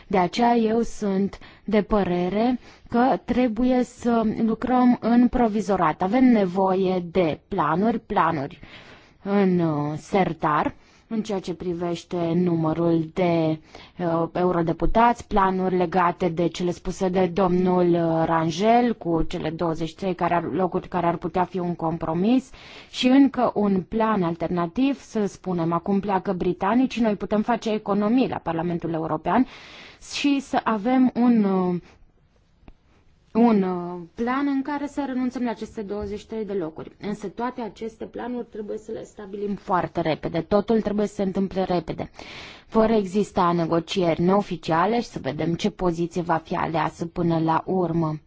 De aceea eu sunt de părere că trebuie să lucrăm în provizorat. Avem nevoie de planuri, planuri în uh, sertar în ceea ce privește numărul de uh, eurodeputați, planuri legate de cele spuse de domnul uh, Rangel cu cele 23 care ar, locuri care ar putea fi un compromis și încă un plan alternativ, să spunem, acum pleacă britanicii, noi putem face economii la Parlamentul European și să avem un uh, un uh, plan în care să renunțăm la aceste 23 de locuri. Însă toate aceste planuri trebuie să le stabilim foarte repede. Totul trebuie să se întâmple repede. Vor exista negocieri neoficiale și să vedem ce poziție va fi aleasă până la urmă.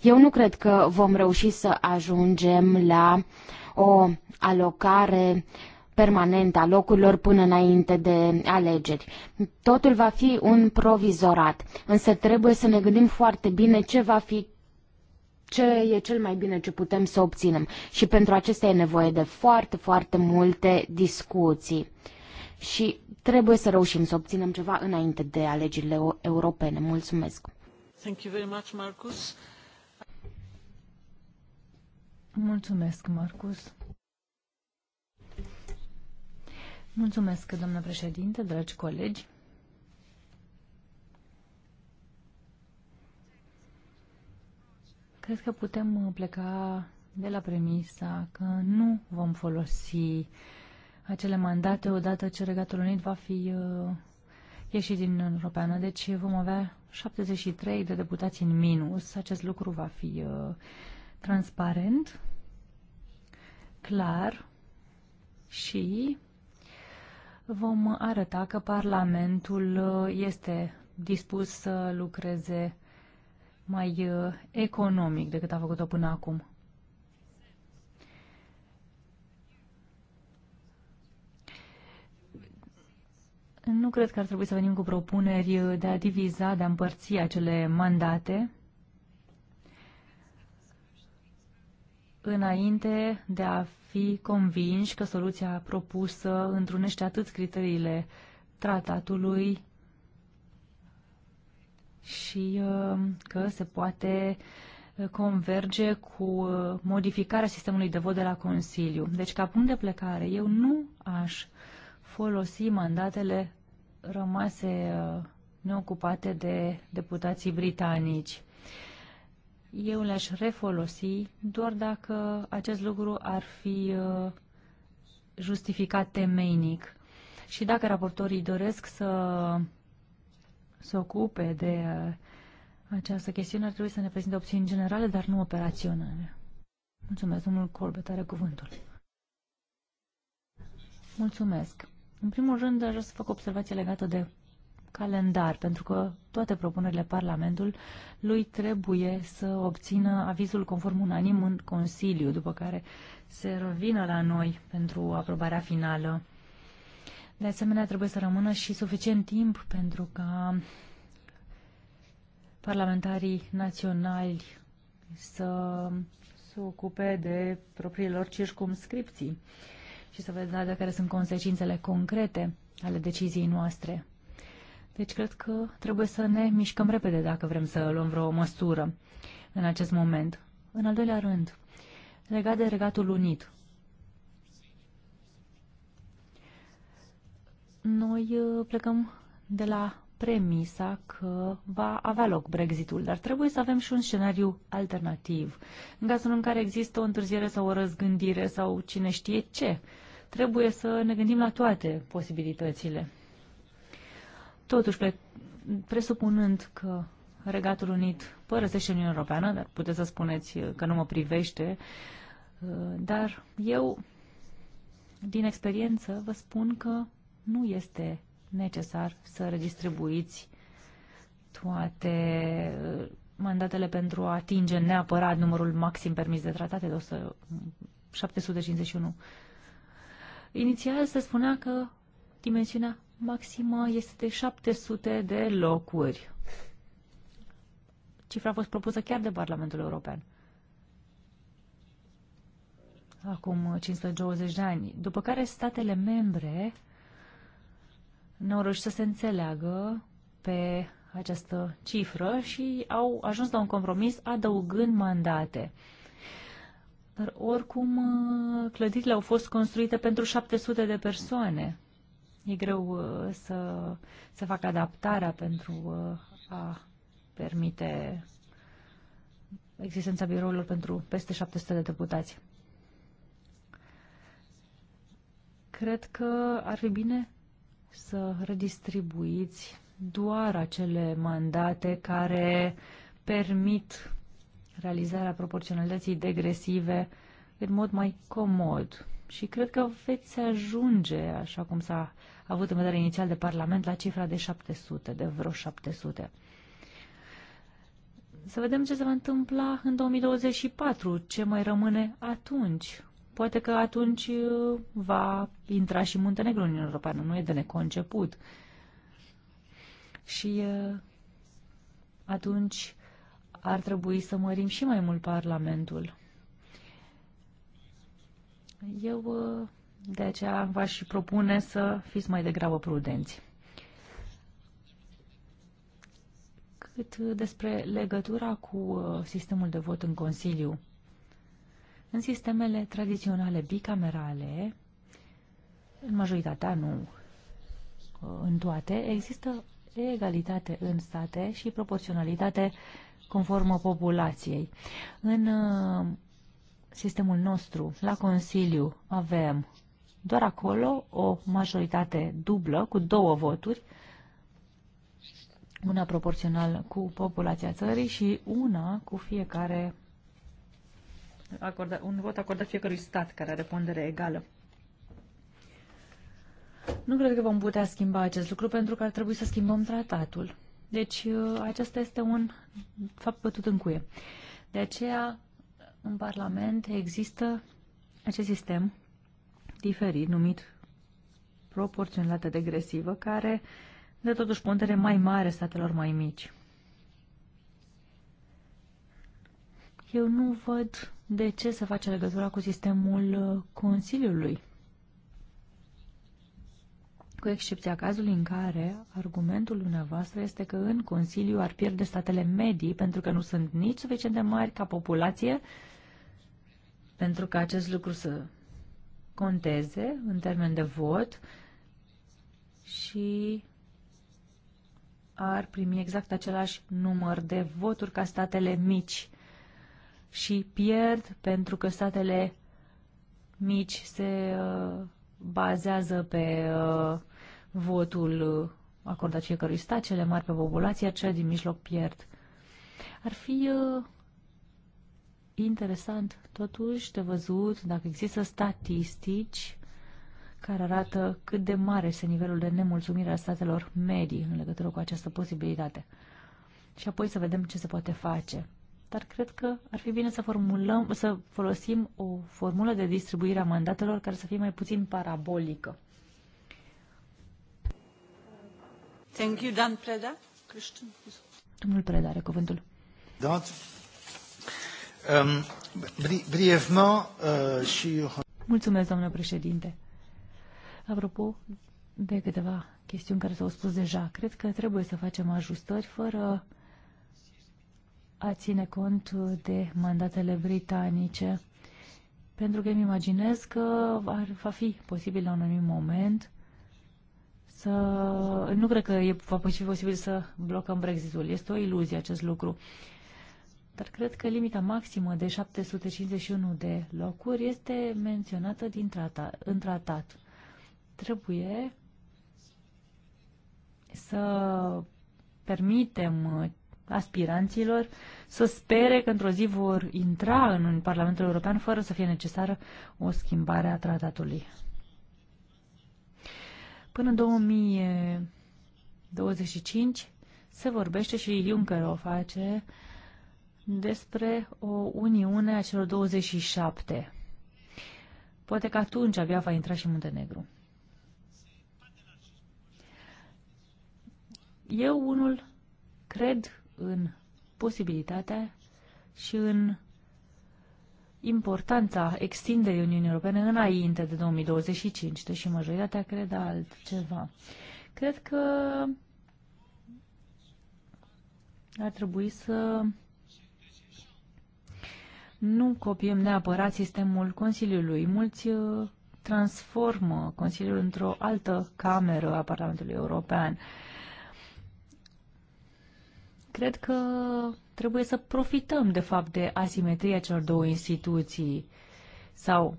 Eu nu cred că vom reuși să ajungem la o alocare uh, permanent a locurilor până înainte de alegeri. Totul va fi un provizorat, însă trebuie să ne gândim foarte bine ce va fi ce e cel mai bine ce putem să obținem. Și pentru acestea e nevoie de foarte, foarte multe discuții. Și trebuie să reușim să obținem ceva înainte de alegerile europene. Mulțumesc! Thank you very much, Marcus. Mulțumesc, Marcus. Mulțumesc, doamnă președinte, dragi colegi. Cred că putem uh, pleca de la premisa că nu vom folosi acele mandate odată ce Regatul Unit va fi uh, ieșit din Europeană. Deci vom avea 73 de deputați în minus. Acest lucru va fi uh, transparent, clar și vom arăta că Parlamentul uh, este dispus să lucreze mai uh, economic decât a făcut-o până acum. Nu cred că ar trebui să venim cu propuneri de a diviza, de a împărți acele mandate, înainte de a fi convinși că soluția propusă întrunește atât criteriile tratatului și uh, că se poate uh, converge cu uh, modificarea sistemului de vot de la Consiliu. Deci, ca punct de plecare, eu nu aș folosi mandatele rămase neocupate de deputații britanici eu le-aș refolosi doar dacă acest lucru ar fi uh, justificat temeinic. Și dacă raportorii doresc să se ocupe de uh, această chestiune, ar trebui să ne prezinte opțiuni generale, dar nu operaționale. Mulțumesc, domnul Corbet, are cuvântul. Mulțumesc. În primul rând, aș vrea să fac observație legată de calendar, pentru că toate propunerile Parlamentului trebuie să obțină avizul conform unanim în Consiliu, după care se revină la noi pentru aprobarea finală. De asemenea, trebuie să rămână și suficient timp pentru ca parlamentarii naționali să se ocupe de propriilor circumscripții și să vedem care sunt consecințele concrete ale deciziei noastre. Deci cred că trebuie să ne mișcăm repede dacă vrem să luăm vreo măsură în acest moment. În al doilea rând, legat de Regatul Unit. Noi uh, plecăm de la premisa că va avea loc Brexitul, dar trebuie să avem și un scenariu alternativ, în cazul în care există o întârziere sau o răzgândire sau cine știe ce. Trebuie să ne gândim la toate posibilitățile. Totuși, presupunând că Regatul Unit părăsește Uniunea Europeană, dar puteți să spuneți că nu mă privește, dar eu, din experiență, vă spun că nu este necesar să redistribuiți toate uh, mandatele pentru a atinge neapărat numărul maxim permis de tratate de 751. Inițial se spunea că dimensiunea Maxima este de 700 de locuri. Cifra a fost propusă chiar de Parlamentul European. Acum 520 de ani. După care statele membre n-au reușit să se înțeleagă pe această cifră și au ajuns la un compromis adăugând mandate. Dar oricum, clădirile au fost construite pentru 700 de persoane. E greu uh, să, să fac adaptarea pentru uh, a permite existența birourilor pentru peste 700 de deputați. Cred că ar fi bine să redistribuiți doar acele mandate care permit realizarea proporționalității degresive în mod mai comod și cred că veți ajunge, așa cum s-a avut în vedere inițial de Parlament, la cifra de 700, de vreo 700. Să vedem ce se va întâmpla în 2024, ce mai rămâne atunci. Poate că atunci uh, va intra și Muntenegru în Uniunea Europeană, nu e de neconceput. Și uh, atunci ar trebui să mărim și mai mult Parlamentul. Eu uh, de aceea v-aș propune să fiți mai degrabă prudenți. Cât despre legătura cu uh, sistemul de vot în Consiliu. În sistemele tradiționale bicamerale, în majoritatea, nu uh, în toate, există egalitate în state și proporționalitate conformă populației. În sistemul nostru, la Consiliu, avem doar acolo o majoritate dublă, cu două voturi, una proporțional cu populația țării și una cu fiecare acorda, un vot acordat fiecărui stat care are pondere egală. Nu cred că vom putea schimba acest lucru pentru că ar trebui să schimbăm tratatul. Deci ă, acesta este un fapt bătut în cuie. De aceea în Parlament există acest sistem diferit numit proporționalitate degresivă, care dă totuși pondere mai mare statelor mai mici. Eu nu văd de ce să face legătura cu sistemul uh, Consiliului. Cu excepția cazului în care argumentul dumneavoastră este că în Consiliu ar pierde statele medii pentru că nu sunt nici suficient de mari ca populație, pentru ca acest lucru să conteze în termen de vot și ar primi exact același număr de voturi ca statele mici și pierd pentru că statele mici se uh, bazează pe uh, votul acordat fiecărui stat, cele mari pe populație, cele din mijloc pierd. Ar fi uh, interesant totuși de văzut dacă există statistici care arată cât de mare este nivelul de nemulțumire a statelor medii în legătură cu această posibilitate. Și apoi să vedem ce se poate face. Dar cred că ar fi bine să formulăm, să folosim o formulă de distribuire a mandatelor care să fie mai puțin parabolică. Thank you, Dan Preda. Christian. Domnul Preda are cuvântul. Da. Um, uh, Mulțumesc, domnule președinte. Apropo de câteva chestiuni care s-au spus deja, cred că trebuie să facem ajustări fără a ține cont de mandatele britanice, pentru că îmi imaginez că ar, va fi posibil la un anumit moment să... Nu cred că e, va fi posibil să blocăm Brexitul. Este o iluzie acest lucru. Uh, dar cred că limita maximă de 751 de locuri este menționată din trata, în tratat. Trebuie să permitem uh, aspiranților să spere că într-o zi vor intra în Parlamentul European fără să fie necesară o schimbare a tratatului. Până în 2025 se vorbește și Juncker o face despre o uniune a celor 27. Poate că atunci abia va intra și Muntenegru. Eu unul cred în posibilitatea și în importanța extinderii Uniunii Europene înainte de 2025, deși majoritatea cred altceva. Cred că ar trebui să nu copiem neapărat sistemul Consiliului. Mulți uh, transformă Consiliul într-o altă cameră a Parlamentului European. Cred că trebuie să profităm, de fapt, de asimetria celor două instituții sau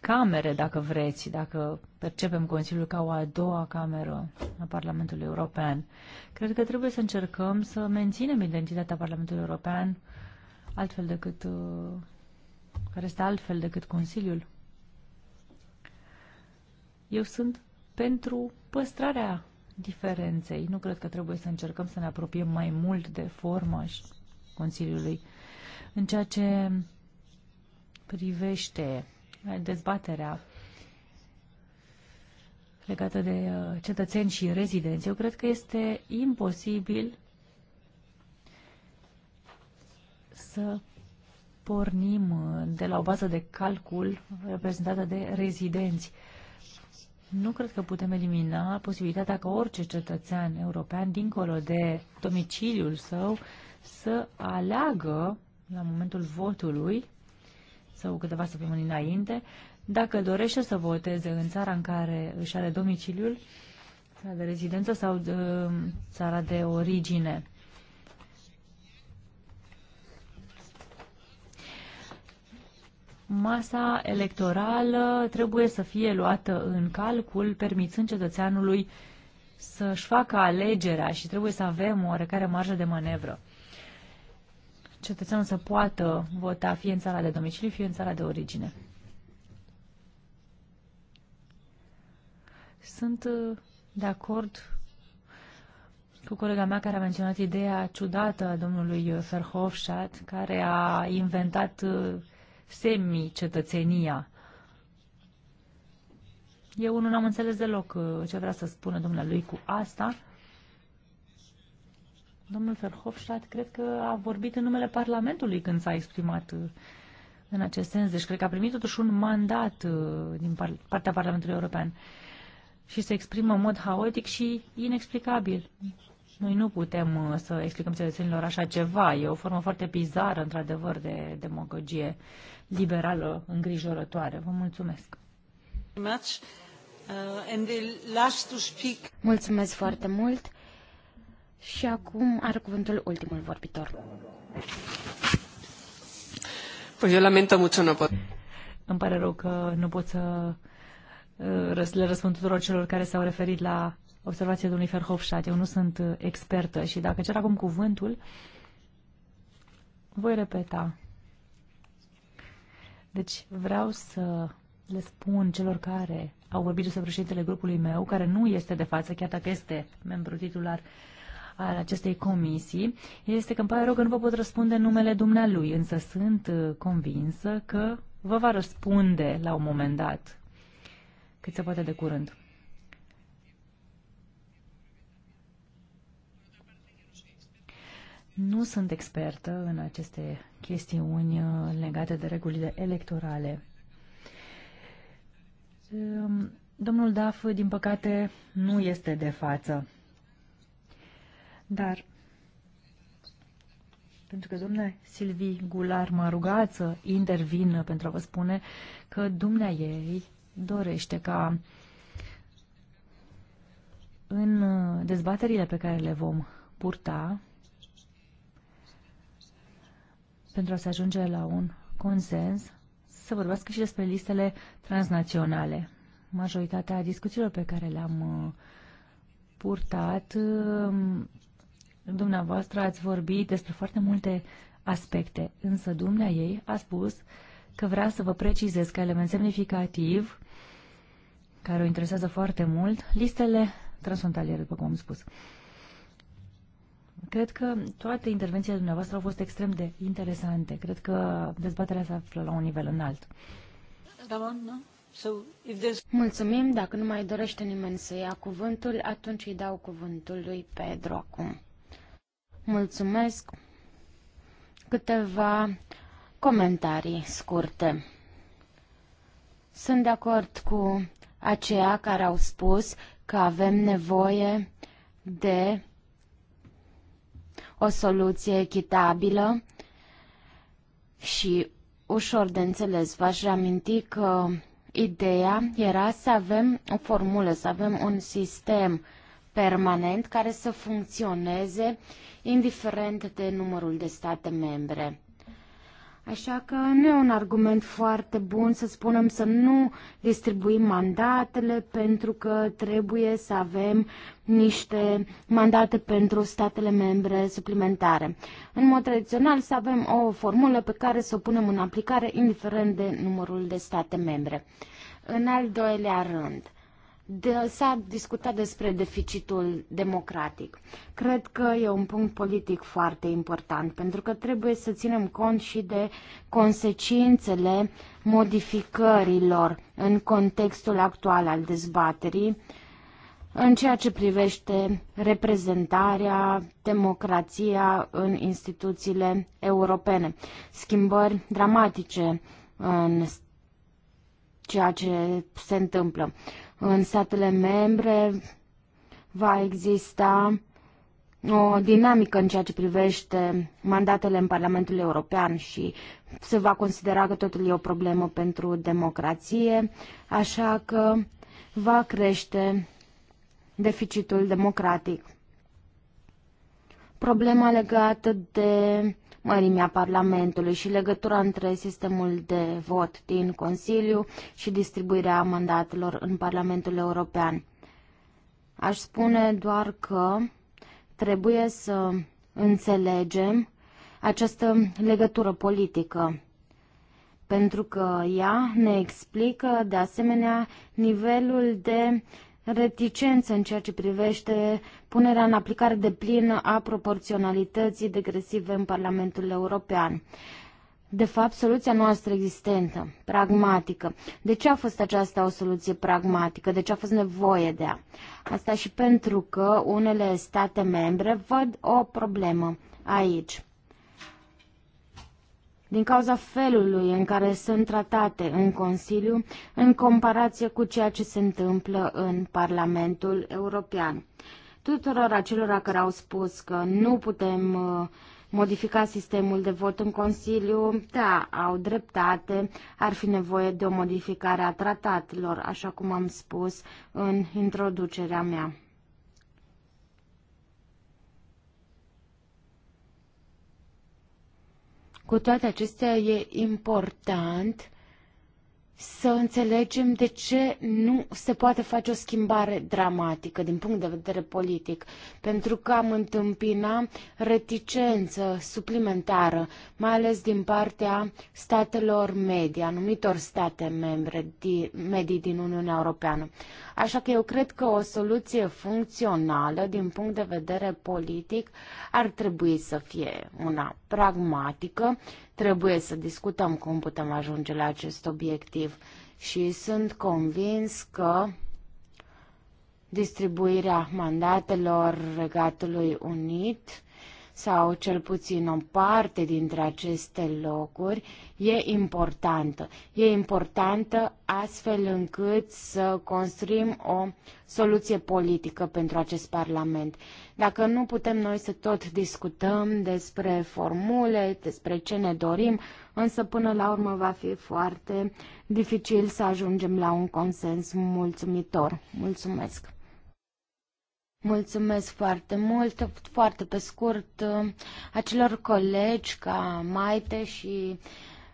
camere, dacă vreți, dacă percepem Consiliul ca o a doua cameră a Parlamentului European. Cred că trebuie să încercăm să menținem identitatea Parlamentului European uh, altfel decât uh, care este altfel decât Consiliul. Eu sunt pentru păstrarea diferenței. Nu cred că trebuie să încercăm să ne apropiem mai mult de forma și Consiliului. În ceea ce privește dezbaterea legată de uh, cetățeni și rezidenți, eu cred că este imposibil să pornim uh, de la o bază de calcul reprezentată de rezidenți. Nu cred că putem elimina posibilitatea ca orice cetățean european, dincolo de domiciliul său, să aleagă la momentul votului sau câteva săptămâni înainte, dacă dorește să voteze în țara în care își are domiciliul, țara de rezidență sau de, uh, țara de origine. masa electorală trebuie să fie luată în calcul, permițând cetățeanului să-și facă alegerea și trebuie să avem o oarecare marjă de manevră. Cetățeanul să poată vota fie în țara de domiciliu, fie în țara de origine. Sunt uh, de acord cu colega mea care a menționat ideea ciudată a domnului Verhofstadt, care a inventat uh, semi-cetățenia. Eu nu am înțeles deloc uh, ce vrea să spună lui cu asta. Domnul Verhofstadt cred că a vorbit în numele Parlamentului când s-a exprimat uh, în acest sens. Deci cred că a primit totuși un mandat uh, din partea Parlamentului European și se exprimă în mod haotic și inexplicabil. Noi nu putem să explicăm cetățenilor așa ceva. E o formă foarte bizară, într-adevăr, de demagogie liberală îngrijorătoare. Vă mulțumesc! Uh, mulțumesc foarte mult și acum are cuvântul ultimul vorbitor. Pues eu lamento mucho nu pot. Îmi pare rău că nu pot să uh, le răspund tuturor celor care s-au referit la observația domnului Ferhofstadt. Eu nu sunt uh, expertă și dacă cer acum cuvântul, voi repeta deci vreau să le spun celor care au vorbit despre președintele grupului meu, care nu este de față, chiar dacă este membru titular al acestei comisii, este că îmi pare rău că nu vă pot răspunde numele dumnealui, însă sunt uh, convinsă că vă va răspunde la un moment dat, cât se poate de curând. Nu sunt expertă în aceste chestiuni uh, legate de regulile electorale. Um, domnul Daf, din păcate, nu este de față. Dar, pentru că domnule Silvi Gular m-a rugat să intervină pentru a vă spune că dumnea ei dorește ca în uh, dezbaterile pe care le vom purta pentru a se ajunge la un consens, să vorbească și despre listele transnaționale. Majoritatea discuțiilor pe care le-am uh, purtat, um, dumneavoastră ați vorbit despre foarte multe aspecte, însă dumnea ei a spus că vrea să vă precizez ca element semnificativ, care o interesează foarte mult, listele transfrontaliere, după cum am spus. Uh, Cred că toate intervențiile dumneavoastră au fost extrem de interesante. Cred că dezbaterea se află la un nivel înalt. Mulțumim. Dacă nu mai dorește nimeni să ia cuvântul, atunci îi dau cuvântul lui Pedro acum. Mulțumesc. Câteva comentarii scurte. Sunt de acord cu aceia care au spus că avem nevoie de o soluție echitabilă și ușor de înțeles. V-aș reaminti că ideea era să avem o formulă, să avem un sistem permanent care să funcționeze indiferent de numărul de state membre. Așa că nu e un argument foarte bun să spunem să nu distribuim mandatele pentru că trebuie să avem niște mandate pentru statele membre suplimentare. În mod tradițional să avem o formulă pe care să o punem în aplicare indiferent de numărul de state membre. În al doilea rând, de, s-a discutat despre deficitul democratic. Cred că e un punct politic foarte important, pentru că trebuie să ținem cont și de consecințele modificărilor în contextul actual al dezbaterii, în ceea ce privește reprezentarea, democrația în instituțiile europene. Schimbări dramatice în ceea ce se întâmplă în statele membre va exista o dinamică în ceea ce privește mandatele în Parlamentul European și se va considera că totul e o problemă pentru democrație, așa că va crește deficitul democratic. Problema legată de mărimea Parlamentului și legătura între sistemul de vot din Consiliu și distribuirea mandatelor în Parlamentul European. Aș spune doar că trebuie să înțelegem această legătură politică pentru că ea ne explică de asemenea nivelul de reticență în ceea ce privește punerea în aplicare de plin a proporționalității degresive în Parlamentul European. De fapt, soluția noastră existentă, pragmatică. De ce a fost aceasta o soluție pragmatică? De ce a fost nevoie de ea? Asta și pentru că unele state membre văd o problemă aici din cauza felului în care sunt tratate în Consiliu în comparație cu ceea ce se întâmplă în Parlamentul European. Tuturor acelora care au spus că nu putem uh, modifica sistemul de vot în Consiliu, da, au dreptate, ar fi nevoie de o modificare a tratatelor, așa cum am spus în introducerea mea. Cu toate acestea, e important să înțelegem de ce nu se poate face o schimbare dramatică din punct de vedere politic, pentru că am întâmpina reticență suplimentară, mai ales din partea statelor medii, anumitor state membre din medii din Uniunea Europeană. Așa că eu cred că o soluție funcțională din punct de vedere politic ar trebui să fie una pragmatică, Trebuie să discutăm cum putem ajunge la acest obiectiv și sunt convins că distribuirea mandatelor Regatului Unit sau cel puțin o parte dintre aceste locuri e importantă. E importantă astfel încât să construim o soluție politică pentru acest Parlament. Dacă nu putem noi să tot discutăm despre formule, despre ce ne dorim, însă până la urmă va fi foarte dificil să ajungem la un consens mulțumitor. Mulțumesc! Mulțumesc foarte mult, foarte pe scurt, uh, acelor colegi ca Maite și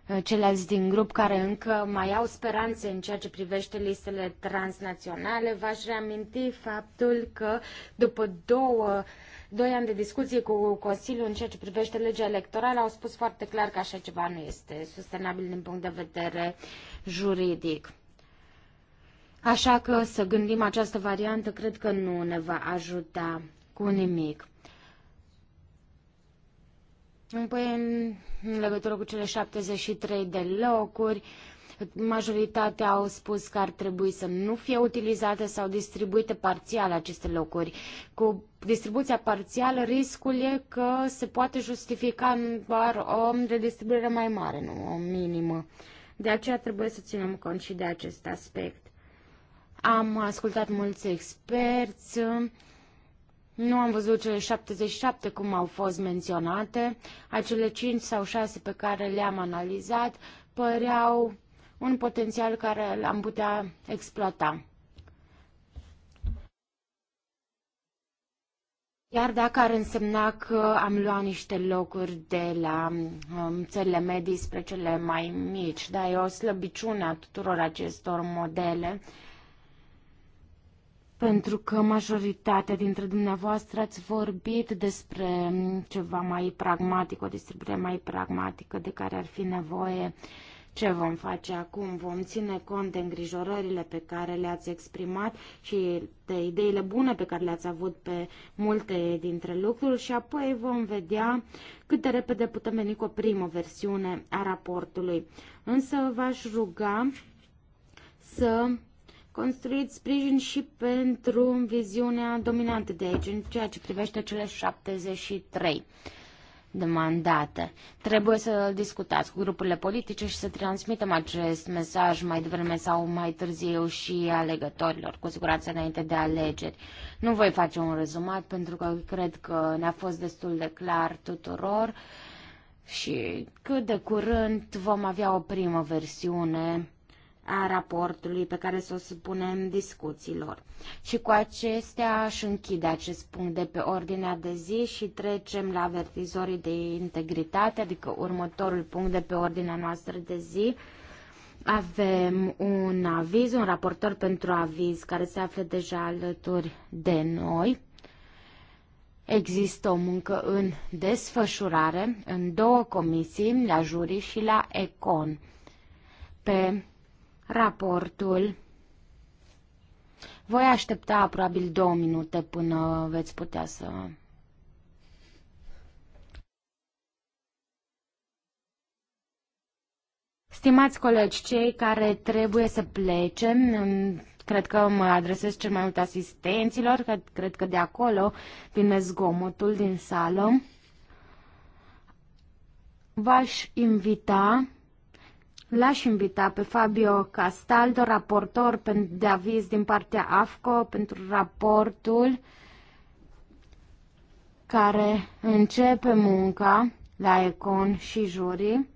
uh, ceilalți din grup care încă mai au speranțe în ceea ce privește listele transnaționale. V-aș reaminti faptul că după două doi ani de discuții cu Consiliul în ceea ce privește legea electorală au spus foarte clar că așa ceva nu este sustenabil din punct de vedere juridic. Așa că să gândim această variantă cred că nu ne va ajuta cu nimic. Păi, în legătură cu cele 73 de locuri, majoritatea au spus că ar trebui să nu fie utilizate sau distribuite parțial aceste locuri. Cu distribuția parțială, riscul e că se poate justifica doar o redistribuire mai mare, nu o minimă. De aceea trebuie să ținem cont și de acest aspect. Am ascultat mulți experți, nu am văzut cele 77 cum au fost menționate. Acele 5 sau 6 pe care le-am analizat păreau un potențial care l-am putea exploata. Iar dacă ar însemna că am luat niște locuri de la um, țările medii spre cele mai mici, da, e o slăbiciune a tuturor acestor modele. Uh, pentru că majoritatea dintre dumneavoastră ați vorbit despre ceva mai pragmatic, o distribuire mai pragmatică de care ar fi nevoie. Ce vom face acum? Vom ține cont de îngrijorările pe care le-ați exprimat și de ideile bune pe care le-ați avut pe multe dintre lucruri și apoi vom vedea cât de repede putem veni cu o primă versiune a raportului. Însă v-aș ruga să construit sprijin și pentru viziunea dominantă de aici, în ceea ce privește cele 73 de mandate. Trebuie să discutați cu grupurile politice și să transmitem acest mesaj mai devreme sau mai târziu și alegătorilor, cu siguranță înainte de alegeri. Nu voi face un rezumat pentru că cred că ne-a fost destul de clar tuturor și cât de curând vom avea o primă versiune a raportului pe care să o supunem discuțiilor. Și cu acestea aș închide acest punct de pe ordinea de zi și trecem la avertizorii de integritate, adică următorul punct de pe ordinea noastră de zi. Avem un aviz, un raportor pentru aviz care se află deja alături de noi. Există o muncă în desfășurare în două comisii, la juri și la econ, pe raportul. Voi aștepta probabil două minute până veți putea să... Stimați colegi, cei care trebuie să plece, cred că mă adresez cel mai mult asistenților, că cred că de acolo vine zgomotul din sală. V-aș invita L-aș invita pe Fabio Castaldo, raportor de aviz din partea AFCO, pentru raportul care începe munca la Econ și jurii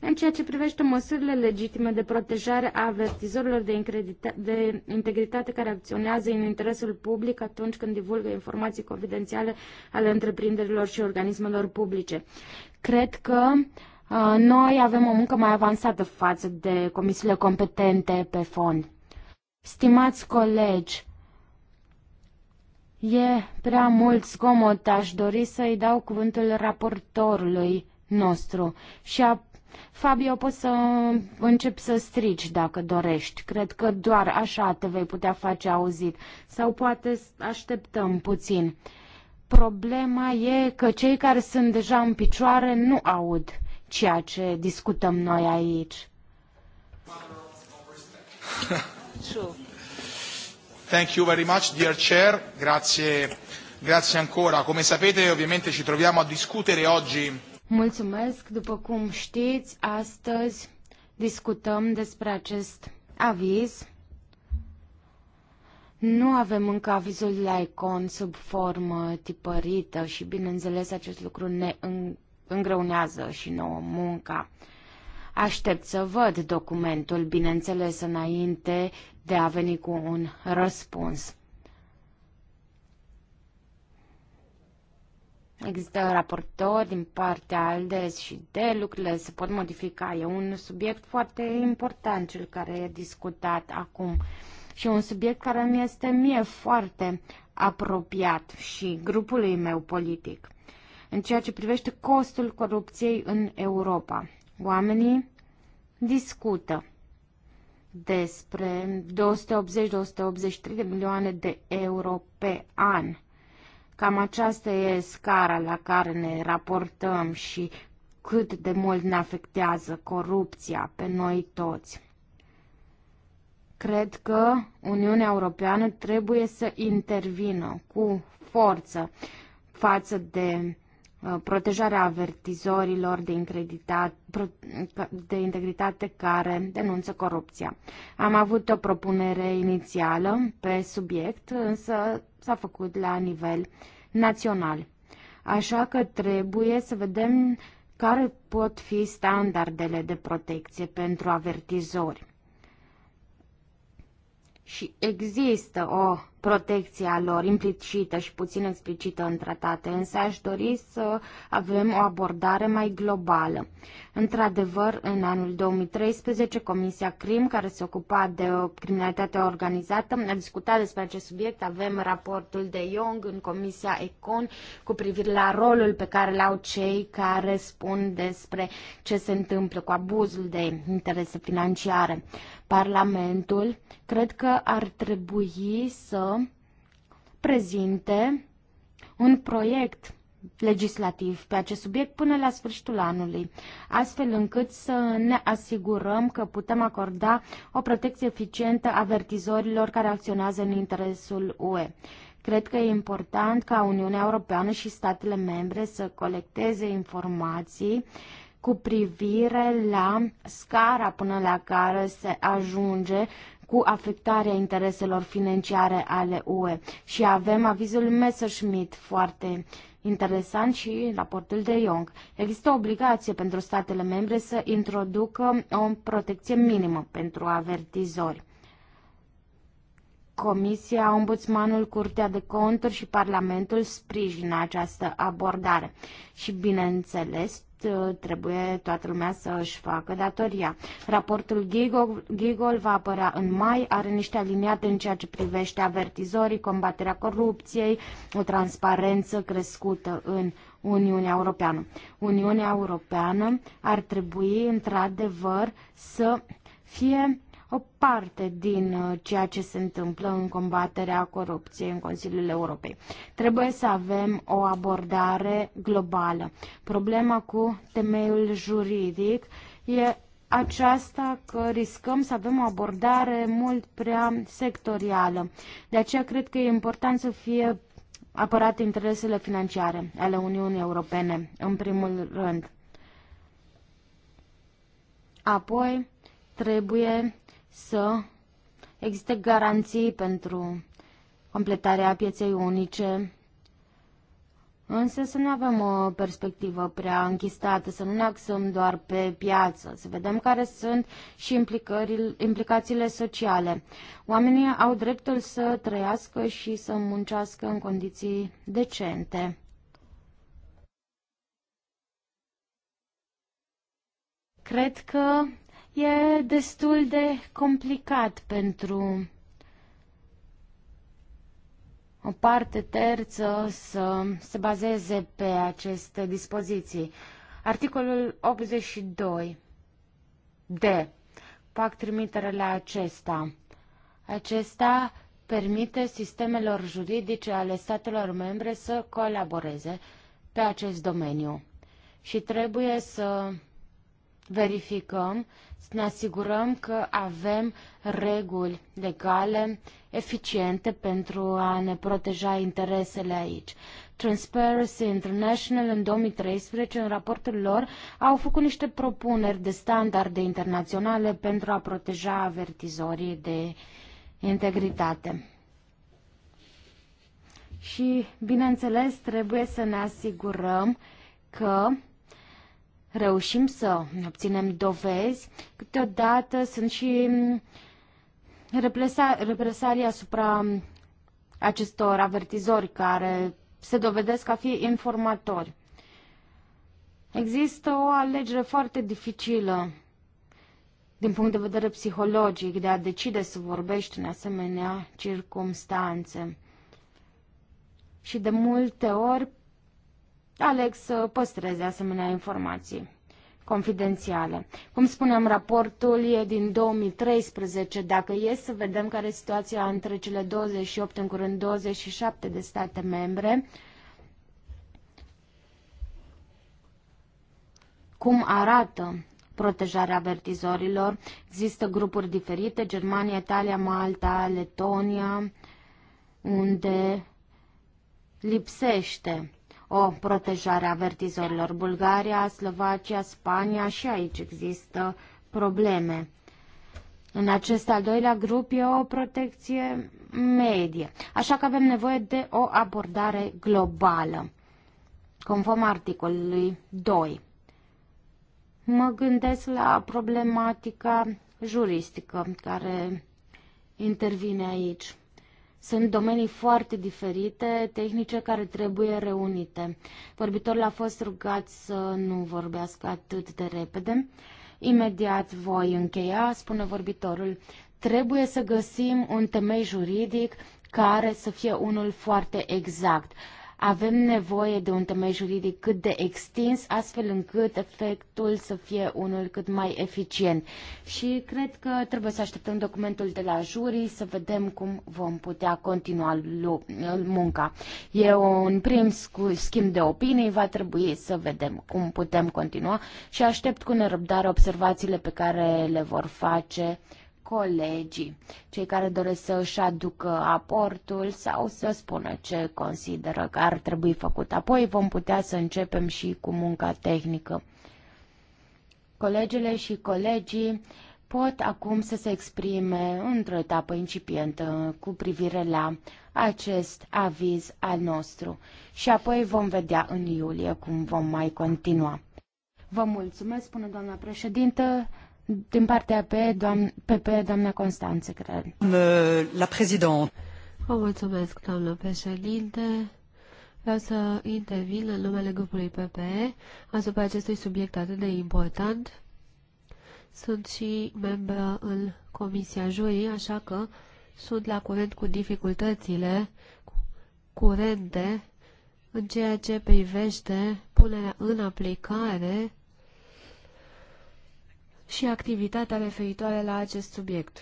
în ceea ce privește măsurile legitime de protejare a avertizorilor de, de integritate care acționează în interesul public atunci când divulgă informații confidențiale ale întreprinderilor și organismelor publice. Cred că uh, Uh, noi avem o muncă mai avansată față de comisiile competente pe fond. Stimați colegi, e prea mult zgomot, aș dori să-i dau cuvântul raportorului nostru. Și a... Fabio, poți să începi să strici dacă dorești. Cred că doar așa te vei putea face auzit. Sau poate așteptăm puțin. Problema e că cei care sunt deja în picioare nu aud ceea ce discutăm noi aici. Thank you very much, dear Chair. Grazie, grazie ancora. Come sapete, ovviamente ci troviamo a discutere oggi. Mulțumesc. După cum știți, astăzi discutăm despre acest aviz. Nu avem încă avizul la icon sub formă tipărită și, bineînțeles, acest lucru ne îngreunează și nouă munca. Aștept să văd documentul, bineînțeles, înainte de a veni cu un răspuns. Există raportori din partea ALDES și de lucrurile se pot modifica. E un subiect foarte important cel care e discutat acum și un subiect care mi este mie foarte apropiat și grupului meu politic în ceea ce privește costul corupției în Europa. Oamenii discută despre 280-283 de milioane de euro pe an. Cam aceasta e scara la care ne raportăm și cât de mult ne afectează corupția pe noi toți. Cred că Uniunea Europeană trebuie să intervină cu forță față de Uh, protejarea avertizorilor de, de integritate care denunță corupția. Am avut o propunere inițială pe subiect, însă s-a făcut la nivel național. Așa că trebuie să vedem care pot fi standardele de protecție pentru avertizori și există o protecție a lor implicită și puțin explicită în tratate, însă aș dori să avem o abordare mai globală. Într-adevăr, în anul 2013, Comisia CRIM, care se ocupa de criminalitatea organizată, a discutat despre acest subiect. Avem raportul de Young în Comisia ECON cu privire la rolul pe care l au cei care spun despre ce se întâmplă cu abuzul de interese financiare. Parlamentul cred că ar trebui să prezinte un proiect legislativ pe acest subiect până la sfârșitul anului, astfel încât să ne asigurăm că putem acorda o protecție eficientă avertizorilor care acționează în interesul UE. Cred că e important ca Uniunea Europeană și statele membre să colecteze informații uh, cu privire la scara până la care se ajunge cu afectarea intereselor financiare ale UE. Și avem avizul Messerschmitt foarte interesant și raportul de Young. Există o obligație pentru statele membre să introducă o protecție minimă pentru avertizori. Comisia, Ombudsmanul, Curtea de Conturi și Parlamentul sprijină această abordare. Și, bineînțeles, Uh, trebuie toată lumea să își facă datoria. Raportul Gigol, va apărea în mai, are niște aliniate în ceea ce privește avertizorii, combaterea corupției, o transparență crescută în Uniunea Europeană. Uniunea Europeană ar trebui, într-adevăr, să fie o parte din uh, ceea ce se întâmplă în combaterea corupției în Consiliul Europei. Trebuie să avem o abordare globală. Problema cu temeiul juridic e aceasta că riscăm să avem o abordare mult prea sectorială. De aceea cred că e important să fie apărate interesele financiare ale Uniunii Europene, în primul rând. Apoi, trebuie să existe garanții pentru completarea pieței unice, însă să nu avem o perspectivă prea închistată, să nu ne axăm doar pe piață, să vedem care sunt și implicațiile sociale. Oamenii au dreptul să trăiască și să muncească în condiții decente. Cred că e destul de complicat pentru o parte terță să se bazeze pe aceste dispoziții. Articolul 82 D. Fac trimitere la acesta. Acesta permite sistemelor juridice ale statelor membre să colaboreze pe acest domeniu și trebuie să verificăm, să ne asigurăm că avem reguli legale eficiente pentru a ne proteja interesele aici. Transparency International în 2013, în raportul lor, au făcut niște propuneri de standarde internaționale pentru a proteja avertizorii de integritate. Și, bineînțeles, trebuie să ne asigurăm că reușim să obținem dovezi, câteodată sunt și represalii asupra acestor avertizori care se dovedesc a fi informatori. Există o alegere foarte dificilă din punct de vedere psihologic de a decide să vorbești în asemenea circumstanțe. Și de multe ori aleg să păstreze asemenea informații confidențiale. Cum spuneam, raportul e din 2013. Dacă e să vedem care e situația între cele 28, în curând 27 de state membre, cum arată protejarea avertizorilor. Există grupuri diferite, Germania, Italia, Malta, Letonia, unde lipsește o protejare a avertizorilor. Bulgaria, Slovacia, Spania și aici există probleme. În acest al doilea grup e o protecție medie, așa că avem nevoie de o abordare globală, conform articolului 2. Mă gândesc la problematica juristică care intervine aici. Sunt domenii foarte diferite, tehnice care trebuie reunite. Vorbitorul a fost rugat să nu vorbească atât de repede. Imediat voi încheia, spune vorbitorul. Trebuie să găsim un temei juridic care să fie unul foarte exact. Avem nevoie de un temei juridic cât de extins, astfel încât efectul să fie unul cât mai eficient. Și cred că trebuie să așteptăm documentul de la jury să vedem cum vom putea continua munca. E un prim schimb de opinii, va trebui să vedem cum putem continua și aștept cu nerăbdare observațiile pe care le vor face colegii, cei care doresc să își aducă aportul sau să spună ce consideră că ar trebui făcut. Apoi vom putea să începem și cu munca tehnică. Colegele și colegii pot acum să se exprime într-o etapă incipientă cu privire la acest aviz al nostru și apoi vom vedea în iulie cum vom mai continua. Vă mulțumesc, spune doamna președintă. Din partea pe, doamn, PP, doamna Constanță, cred. La prezident. Vă mulțumesc, doamnă președinte. Vreau să intervin în numele grupului PPE asupra acestui subiect atât de important. Sunt și membră în Comisia Jurii, așa că sunt la curent cu dificultățile curente în ceea ce privește punerea în aplicare și activitatea referitoare la acest subiect.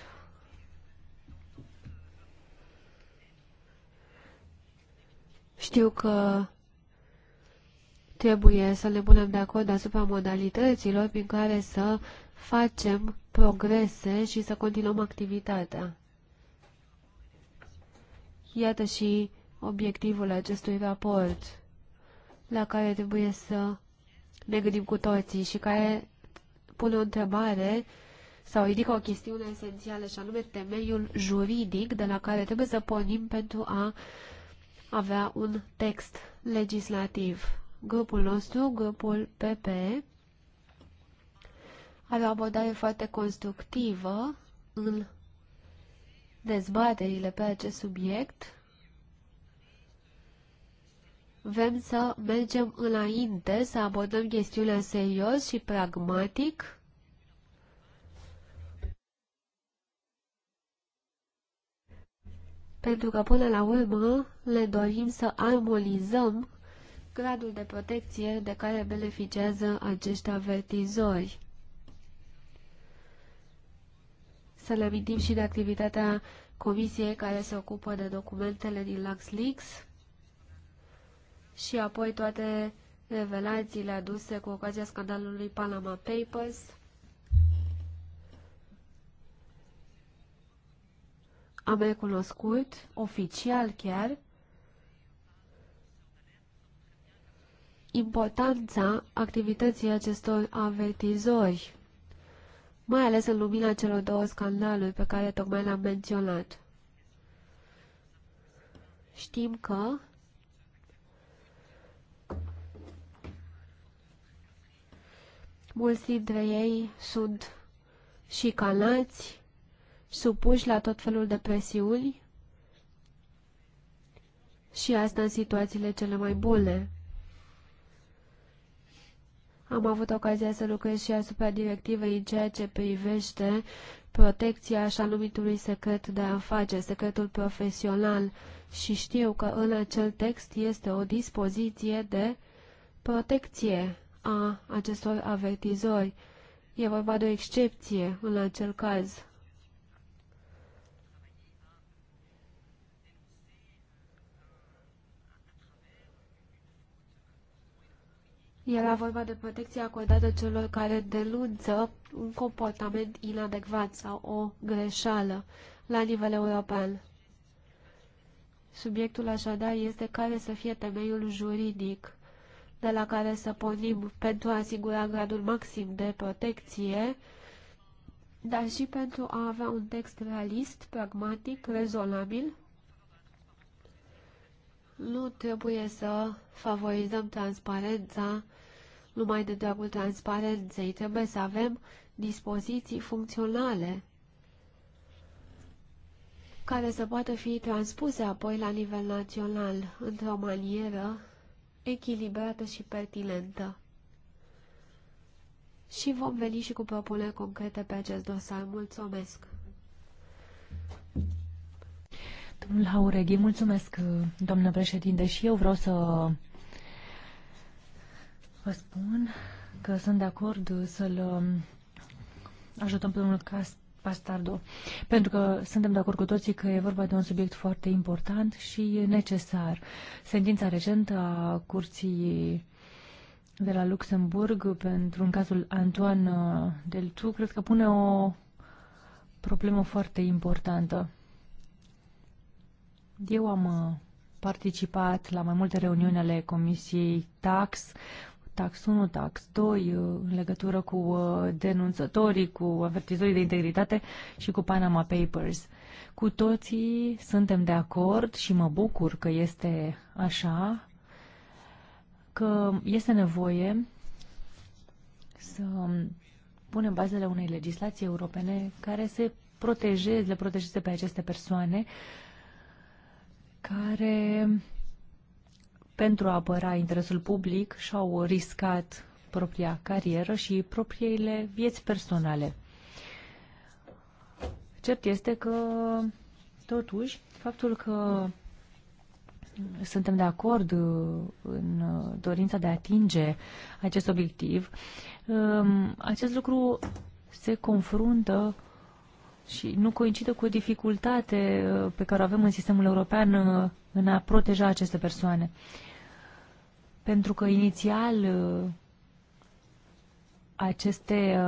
Știu că trebuie să ne punem de acord asupra modalităților prin care să facem progrese și să continuăm activitatea. Iată și obiectivul acestui raport la care trebuie să ne gândim cu toții și care pune o întrebare sau ridică o chestiune esențială și anume temeiul juridic de la care trebuie să pornim pentru a avea un text legislativ. Grupul nostru, grupul PP, are o abordare foarte constructivă în dezbaterile pe acest subiect Vrem să mergem înainte, să abordăm chestiunea serios și pragmatic. Pentru că, până la urmă, le dorim să armonizăm gradul de protecție de care beneficiază acești avertizori. Să le amintim și de activitatea comisiei care se ocupă de documentele din LuxLeaks și apoi toate revelațiile aduse cu ocazia scandalului Panama Papers. Am recunoscut, oficial chiar, importanța activității acestor avertizori, mai ales în lumina celor două scandaluri pe care tocmai le-am menționat. Știm că mulți dintre ei sunt canați, supuși la tot felul de presiuni și asta în situațiile cele mai bune. Am avut ocazia să lucrez și asupra directivei în ceea ce privește protecția așa numitului secret de afaceri, secretul profesional și știu că în acel text este o dispoziție de protecție a acestor avertizori. E vorba de o excepție în acel caz. Era vorba de protecție acordată celor care denunță un comportament inadecvat sau o greșeală la nivel european. Subiectul așadar este care să fie temeiul juridic de la care să pornim pentru a asigura gradul maxim de protecție, dar și pentru a avea un text realist, pragmatic, rezonabil. Nu trebuie să favorizăm transparența numai de dragul transparenței, trebuie să avem dispoziții funcționale care să poată fi transpuse apoi la nivel național într-o manieră echilibrată și pertinentă. Și vom veni și cu propuneri concrete pe acest dosar. Mulțumesc! Domnul Haureghi, mulțumesc, domnule președinte, și eu vreau să vă spun că sunt de acord să-l ajutăm pe domnul Cast Pastardo, pentru că suntem de acord cu toții că e vorba de un subiect foarte important și necesar. Sentința recentă a Curții de la Luxemburg pentru un cazul Antoine Deltu, cred că pune o problemă foarte importantă. Eu am participat la mai multe reuniuni ale Comisiei Tax, tax 1, tax 2, uh, în legătură cu uh, denunțătorii, cu avertizorii de integritate și cu Panama Papers. Cu toții suntem de acord și mă bucur că este așa, că este nevoie să um, punem bazele unei legislații europene care să protejeze, le protejeze pe aceste persoane care pentru a apăra interesul public și-au riscat propria carieră și propriile vieți personale. Cert este că, totuși, faptul că suntem de acord uh, în uh, dorința de a atinge acest obiectiv, um, acest lucru se confruntă și nu coincide cu o dificultate uh, pe care o avem în sistemul european uh, în a proteja aceste persoane. Pentru că inițial uh, aceste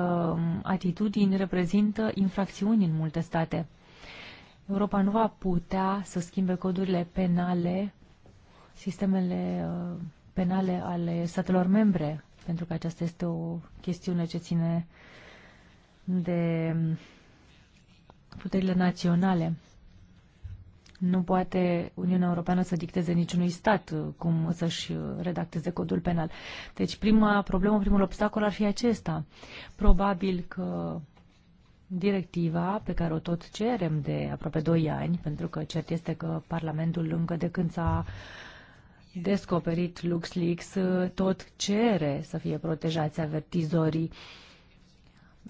atitudini reprezintă infracțiuni în multe state. Europa nu va putea să schimbe codurile penale, sistemele penale ale statelor membre, pentru că aceasta este o chestiune ce ține de puterile naționale. Nu poate Uniunea Europeană să dicteze niciunui stat uh, cum să-și uh, redacteze codul penal. Deci prima problemă, primul obstacol ar fi acesta. Probabil că directiva pe care o tot cerem de aproape 2 ani, pentru că cert este că Parlamentul încă de când s-a descoperit LuxLeaks uh, tot cere să fie protejați avertizorii uh,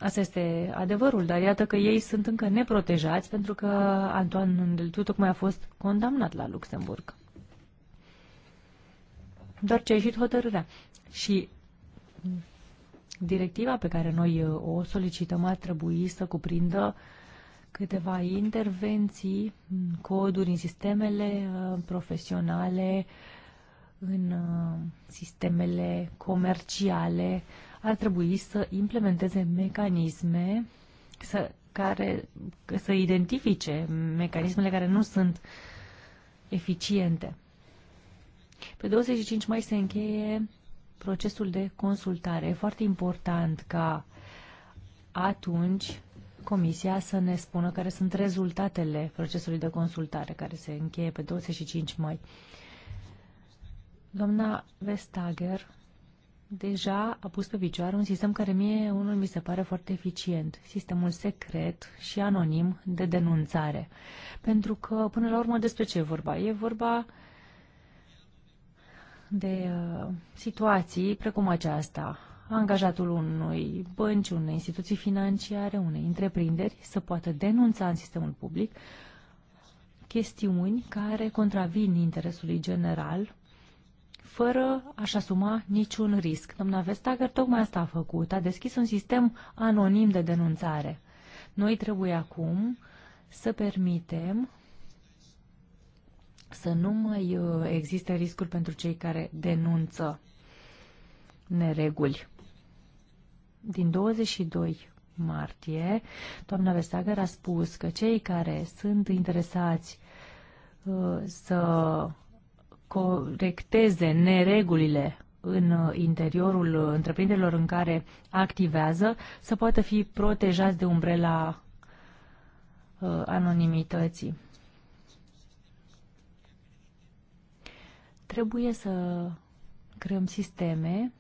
Asta este adevărul, dar iată că ei sunt încă neprotejați pentru că Antoine Îndeltu tocmai a fost condamnat la Luxemburg. Doar ce a ieșit hotărârea. Și directiva pe care noi uh, o solicităm ar trebui să cuprindă câteva intervenții, mm, coduri în sistemele uh, profesionale, uh, în uh, sistemele comerciale ar trebui să implementeze mecanisme să, care să identifice mecanismele care nu sunt eficiente. Pe 25 mai se încheie procesul de consultare. E foarte important ca atunci Comisia să ne spună care sunt rezultatele procesului de consultare care se încheie pe 25 mai. Doamna Vestager deja a pus pe picioare un sistem care mie unul mi se pare foarte eficient, sistemul secret și anonim de denunțare. Pentru că, până la urmă, despre ce e vorba? E vorba de uh, situații precum aceasta. Angajatul unui bănci, unei instituții financiare, unei întreprinderi să poată denunța în sistemul public chestiuni care contravin interesului general fără a-și asuma niciun risc. Domnul Vestager tocmai asta a făcut, a deschis un sistem anonim de denunțare. Noi trebuie acum să permitem să nu mai uh, existe riscuri pentru cei care denunță nereguli. Din 22 martie, doamna Vestager a spus că cei care sunt interesați uh, să corecteze neregulile în uh, interiorul uh, întreprinderilor în care activează să poată fi protejați de umbrela uh, anonimității. Trebuie să creăm sisteme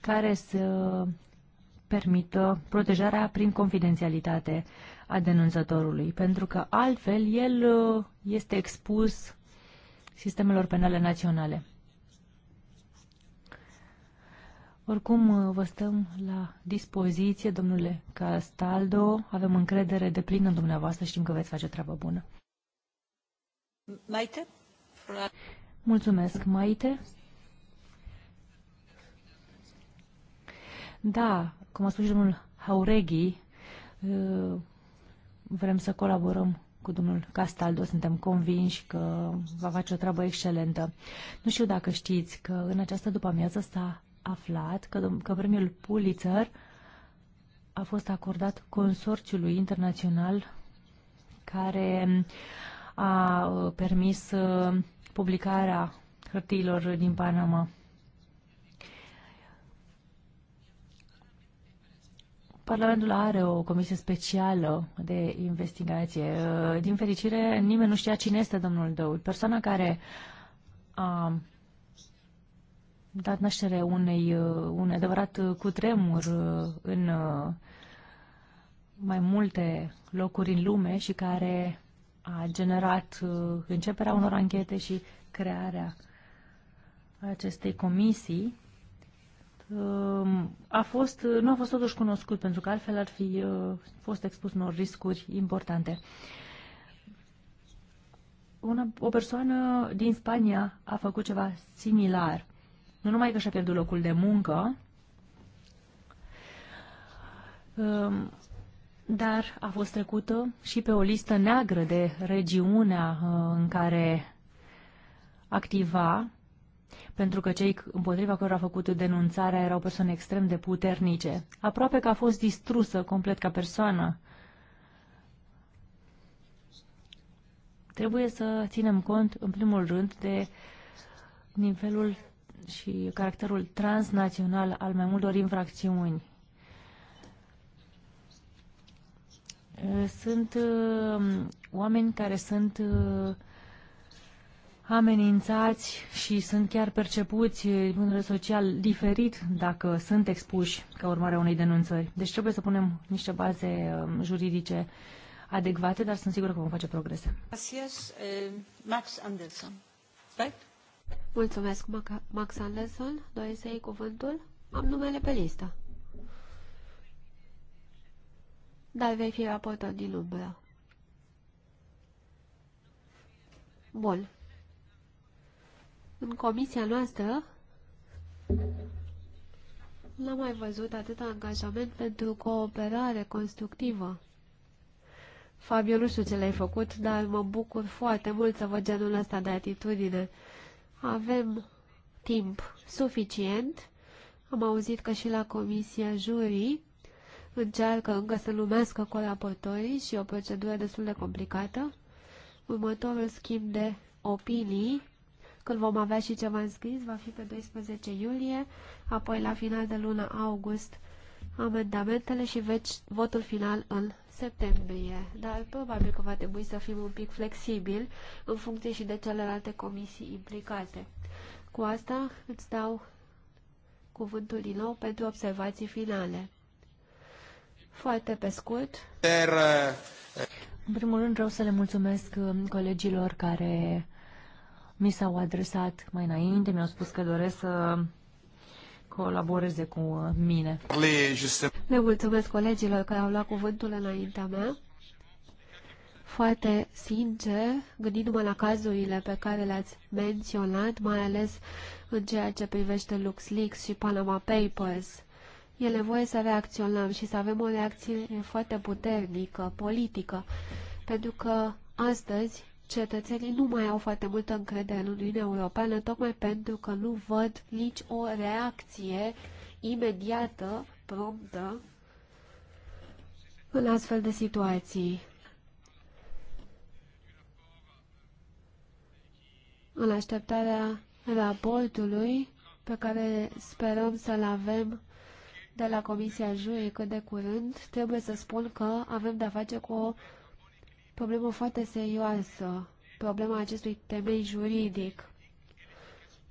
care să permită protejarea prin confidențialitate a denunțătorului, pentru că altfel el este expus sistemelor penale naționale. Oricum, uh, vă stăm la dispoziție, domnule Castaldo. Avem încredere de plină în dumneavoastră, știm că veți face o treabă bună. Maite? Mulțumesc, Maite. Da, cum a spus și domnul Haureghi, uh, vrem să colaborăm cu domnul Castaldo. Suntem convinși că va face o treabă excelentă. Nu știu dacă știți că în această după-amiază s-a aflat că, că premiul Pulitzer a fost acordat consorțiului internațional care a uh, permis uh, publicarea hârtiilor din Panama. Parlamentul are o comisie specială de investigație. Uh, din fericire, nimeni nu știa cine este domnul Dăud. Persoana care a dat naștere unei, uh, un adevărat cutremur uh, în mai multe locuri în lume și care a generat începerea unor anchete și crearea acestei comisii Ehm, a fost, nu a fost totuși cunoscut, pentru că altfel ar fi eh, fost expus unor riscuri importante. Una, o persoană din Spania a făcut ceva similar. Nu numai că și-a pierdut locul de muncă, ehm, dar a fost trecută și pe o listă neagră de regiunea eh, în care activa pentru că cei împotriva cărora a făcut denunțarea erau persoane extrem de puternice. Aproape că a fost distrusă complet ca persoană. Trebuie să ținem cont, în primul rând, de nivelul și caracterul transnațional al mai multor infracțiuni. Sunt uh, oameni care sunt uh, amenințați și sunt chiar percepuți în punct social diferit dacă sunt expuși ca urmare a unei denunțări. Deci trebuie să punem niște baze um, juridice adecvate, dar sunt sigură că vom face progrese. Eh, Max Anderson. Right? Mulțumesc, Max Anderson. Doi să iei cuvântul? Am numele pe listă. Dar vei fi raportat din umbră. Bun, în comisia noastră n-am mai văzut atât angajament pentru cooperare constructivă. Fabio, nu știu ce le-ai făcut, dar mă bucur foarte mult să văd genul ăsta de atitudine. Avem timp suficient. Am auzit că și la comisia jurii încearcă încă să numească colaboratorii și o procedură destul de complicată. Următorul schimb de opinii când vom avea și ceva înscris, va fi pe 12 iulie, apoi la final de luna august amendamentele și veci votul final în septembrie. Dar probabil că va trebui să fim un pic flexibili în funcție și de celelalte comisii implicate. Cu asta îți dau cuvântul din nou pentru observații finale. Foarte pe scurt. În primul rând vreau să le mulțumesc uh, colegilor care mi s-au adresat mai înainte, mi-au spus că doresc să colaboreze cu uh, mine. Le mulțumesc colegilor care au luat cuvântul înaintea mea. Foarte sincer, gândindu-mă la cazurile pe care le-ați menționat, mai ales în ceea ce privește LuxLeaks și Panama Papers, e nevoie să reacționăm și să avem o reacție foarte puternică, politică, pentru că astăzi cetățenii nu mai au foarte multă încredere în Uniunea Europeană, tocmai pentru că nu văd nici o reacție imediată, promptă, în astfel de situații. În așteptarea raportului pe care sperăm să-l avem de la Comisia Juri cât de curând, trebuie să spun că avem de-a face cu o problemă foarte serioasă, problema acestui temei juridic.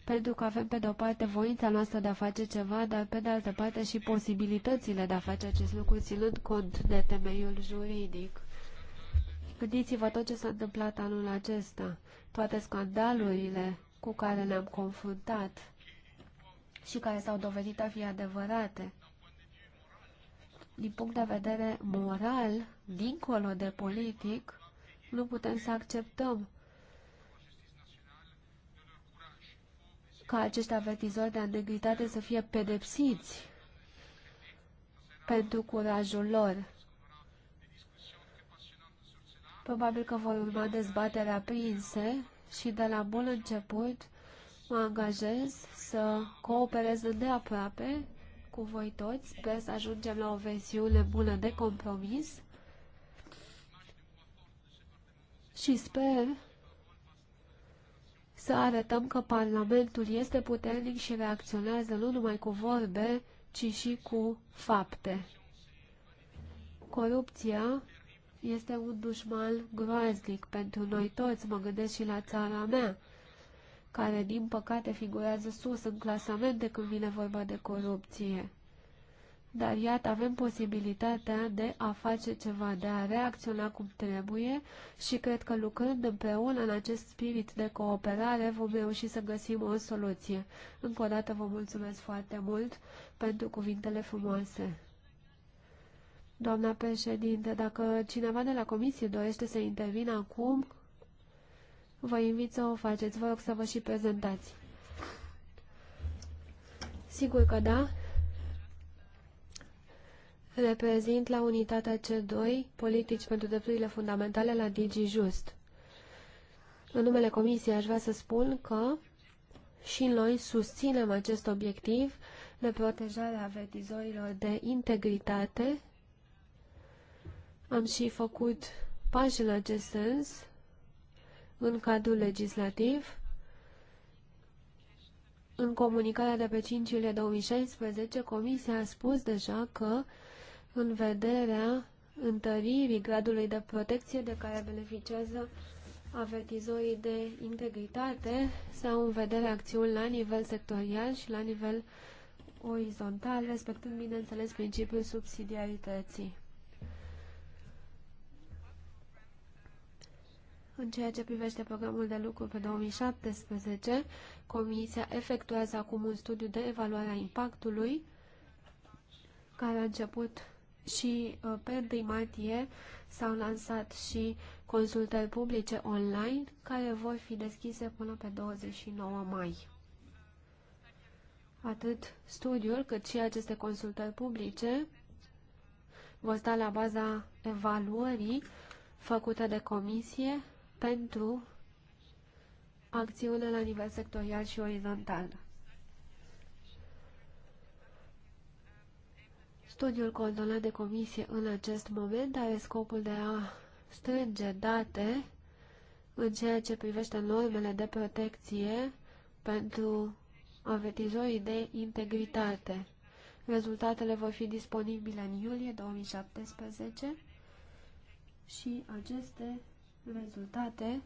Pentru că avem, pe de-o parte, voința noastră de a face ceva, dar, pe de altă parte, și posibilitățile de a face acest lucru, ținând cont de temeiul juridic. Gândiți-vă tot ce s-a întâmplat anul acesta, toate scandalurile cu care ne-am confruntat și care s-au dovedit a fi adevărate din punct de vedere moral, dincolo de politic, nu putem să acceptăm ca acești avertizori de integritate să fie pedepsiți pentru curajul lor. Probabil că vor urma dezbatere aprinse și de la bun început mă angajez să cooperez îndeaproape cu voi toți. Sper să ajungem la o versiune bună de compromis. Și sper să arătăm că Parlamentul este puternic și reacționează nu numai cu vorbe, ci și cu fapte. Corupția este un dușman groaznic pentru noi toți, mă gândesc și la țara mea care din păcate figurează sus în clasamente când vine vorba de corupție. Dar iată, avem posibilitatea de a face ceva, de a reacționa cum trebuie și cred că lucrând împreună în acest spirit de cooperare vom reuși să găsim o soluție. Încă o dată vă mulțumesc foarte mult pentru cuvintele frumoase. Doamna președinte, dacă cineva de la comisie dorește să intervină acum, Vă invit să o faceți, vă rog să vă și prezentați. Sigur că da. Reprezint la unitatea C2 politici pentru drepturile fundamentale la Just. În numele Comisiei aș vrea să spun că și noi susținem acest obiectiv de protejare a avertizorilor de integritate. Am și făcut pași în acest sens în cadrul legislativ. În comunicarea de pe 5 iulie 2016, Comisia a spus deja că, în vederea întăririi gradului de protecție de care beneficiază avertizorii de integritate sau în vederea acțiuni la nivel sectorial și la nivel orizontal, respectând, bineînțeles, principiul subsidiarității. În ceea ce privește programul de lucru pe 2017, Comisia efectuează acum un studiu de evaluare a impactului, care a început și uh, pe 1 martie s-au lansat și consultări publice online, care vor fi deschise până pe 29 mai. Atât studiul, cât și aceste consultări publice vor sta la baza evaluării făcute de comisie pentru acțiune la nivel sectorial și orizontal. Studiul coordonat de comisie în acest moment are scopul de a strânge date în ceea ce privește normele de protecție pentru avertizorii de integritate. Rezultatele vor fi disponibile în iulie 2017 și aceste rezultate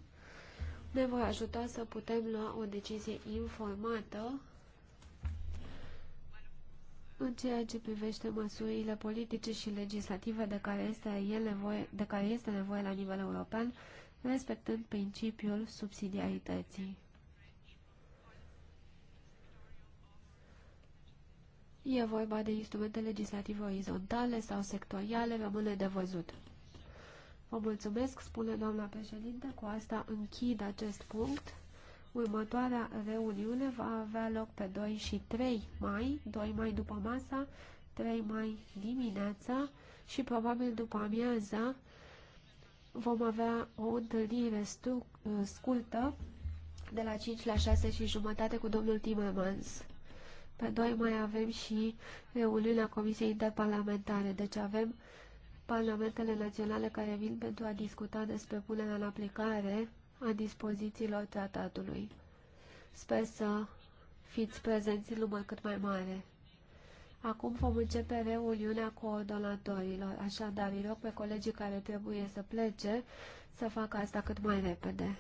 ne vor ajuta să putem lua o decizie informată în ceea ce privește măsurile politice și legislative de care este, el nevoie, de care este nevoie la nivel european, respectând principiul subsidiarității. E vorba de instrumente legislative orizontale sau sectoriale, rămâne de văzut. Vă mulțumesc, spune doamna președinte. Cu asta închid acest punct. Următoarea reuniune va avea loc pe 2 și 3 mai, 2 mai după masa, 3 mai dimineața și probabil după amiaza vom avea o întâlnire scurtă de la 5 la 6 și jumătate cu domnul Timmermans. Pe 2 mai avem și reuniunea Comisiei Interparlamentare, deci avem parlamentele naționale care vin pentru a discuta despre punerea în aplicare a dispozițiilor tratatului. Sper să fiți prezenți în număr cât mai mare. Acum vom începe reuniunea coordonatorilor, așadar îi rog pe colegii care trebuie să plece să facă asta cât mai repede.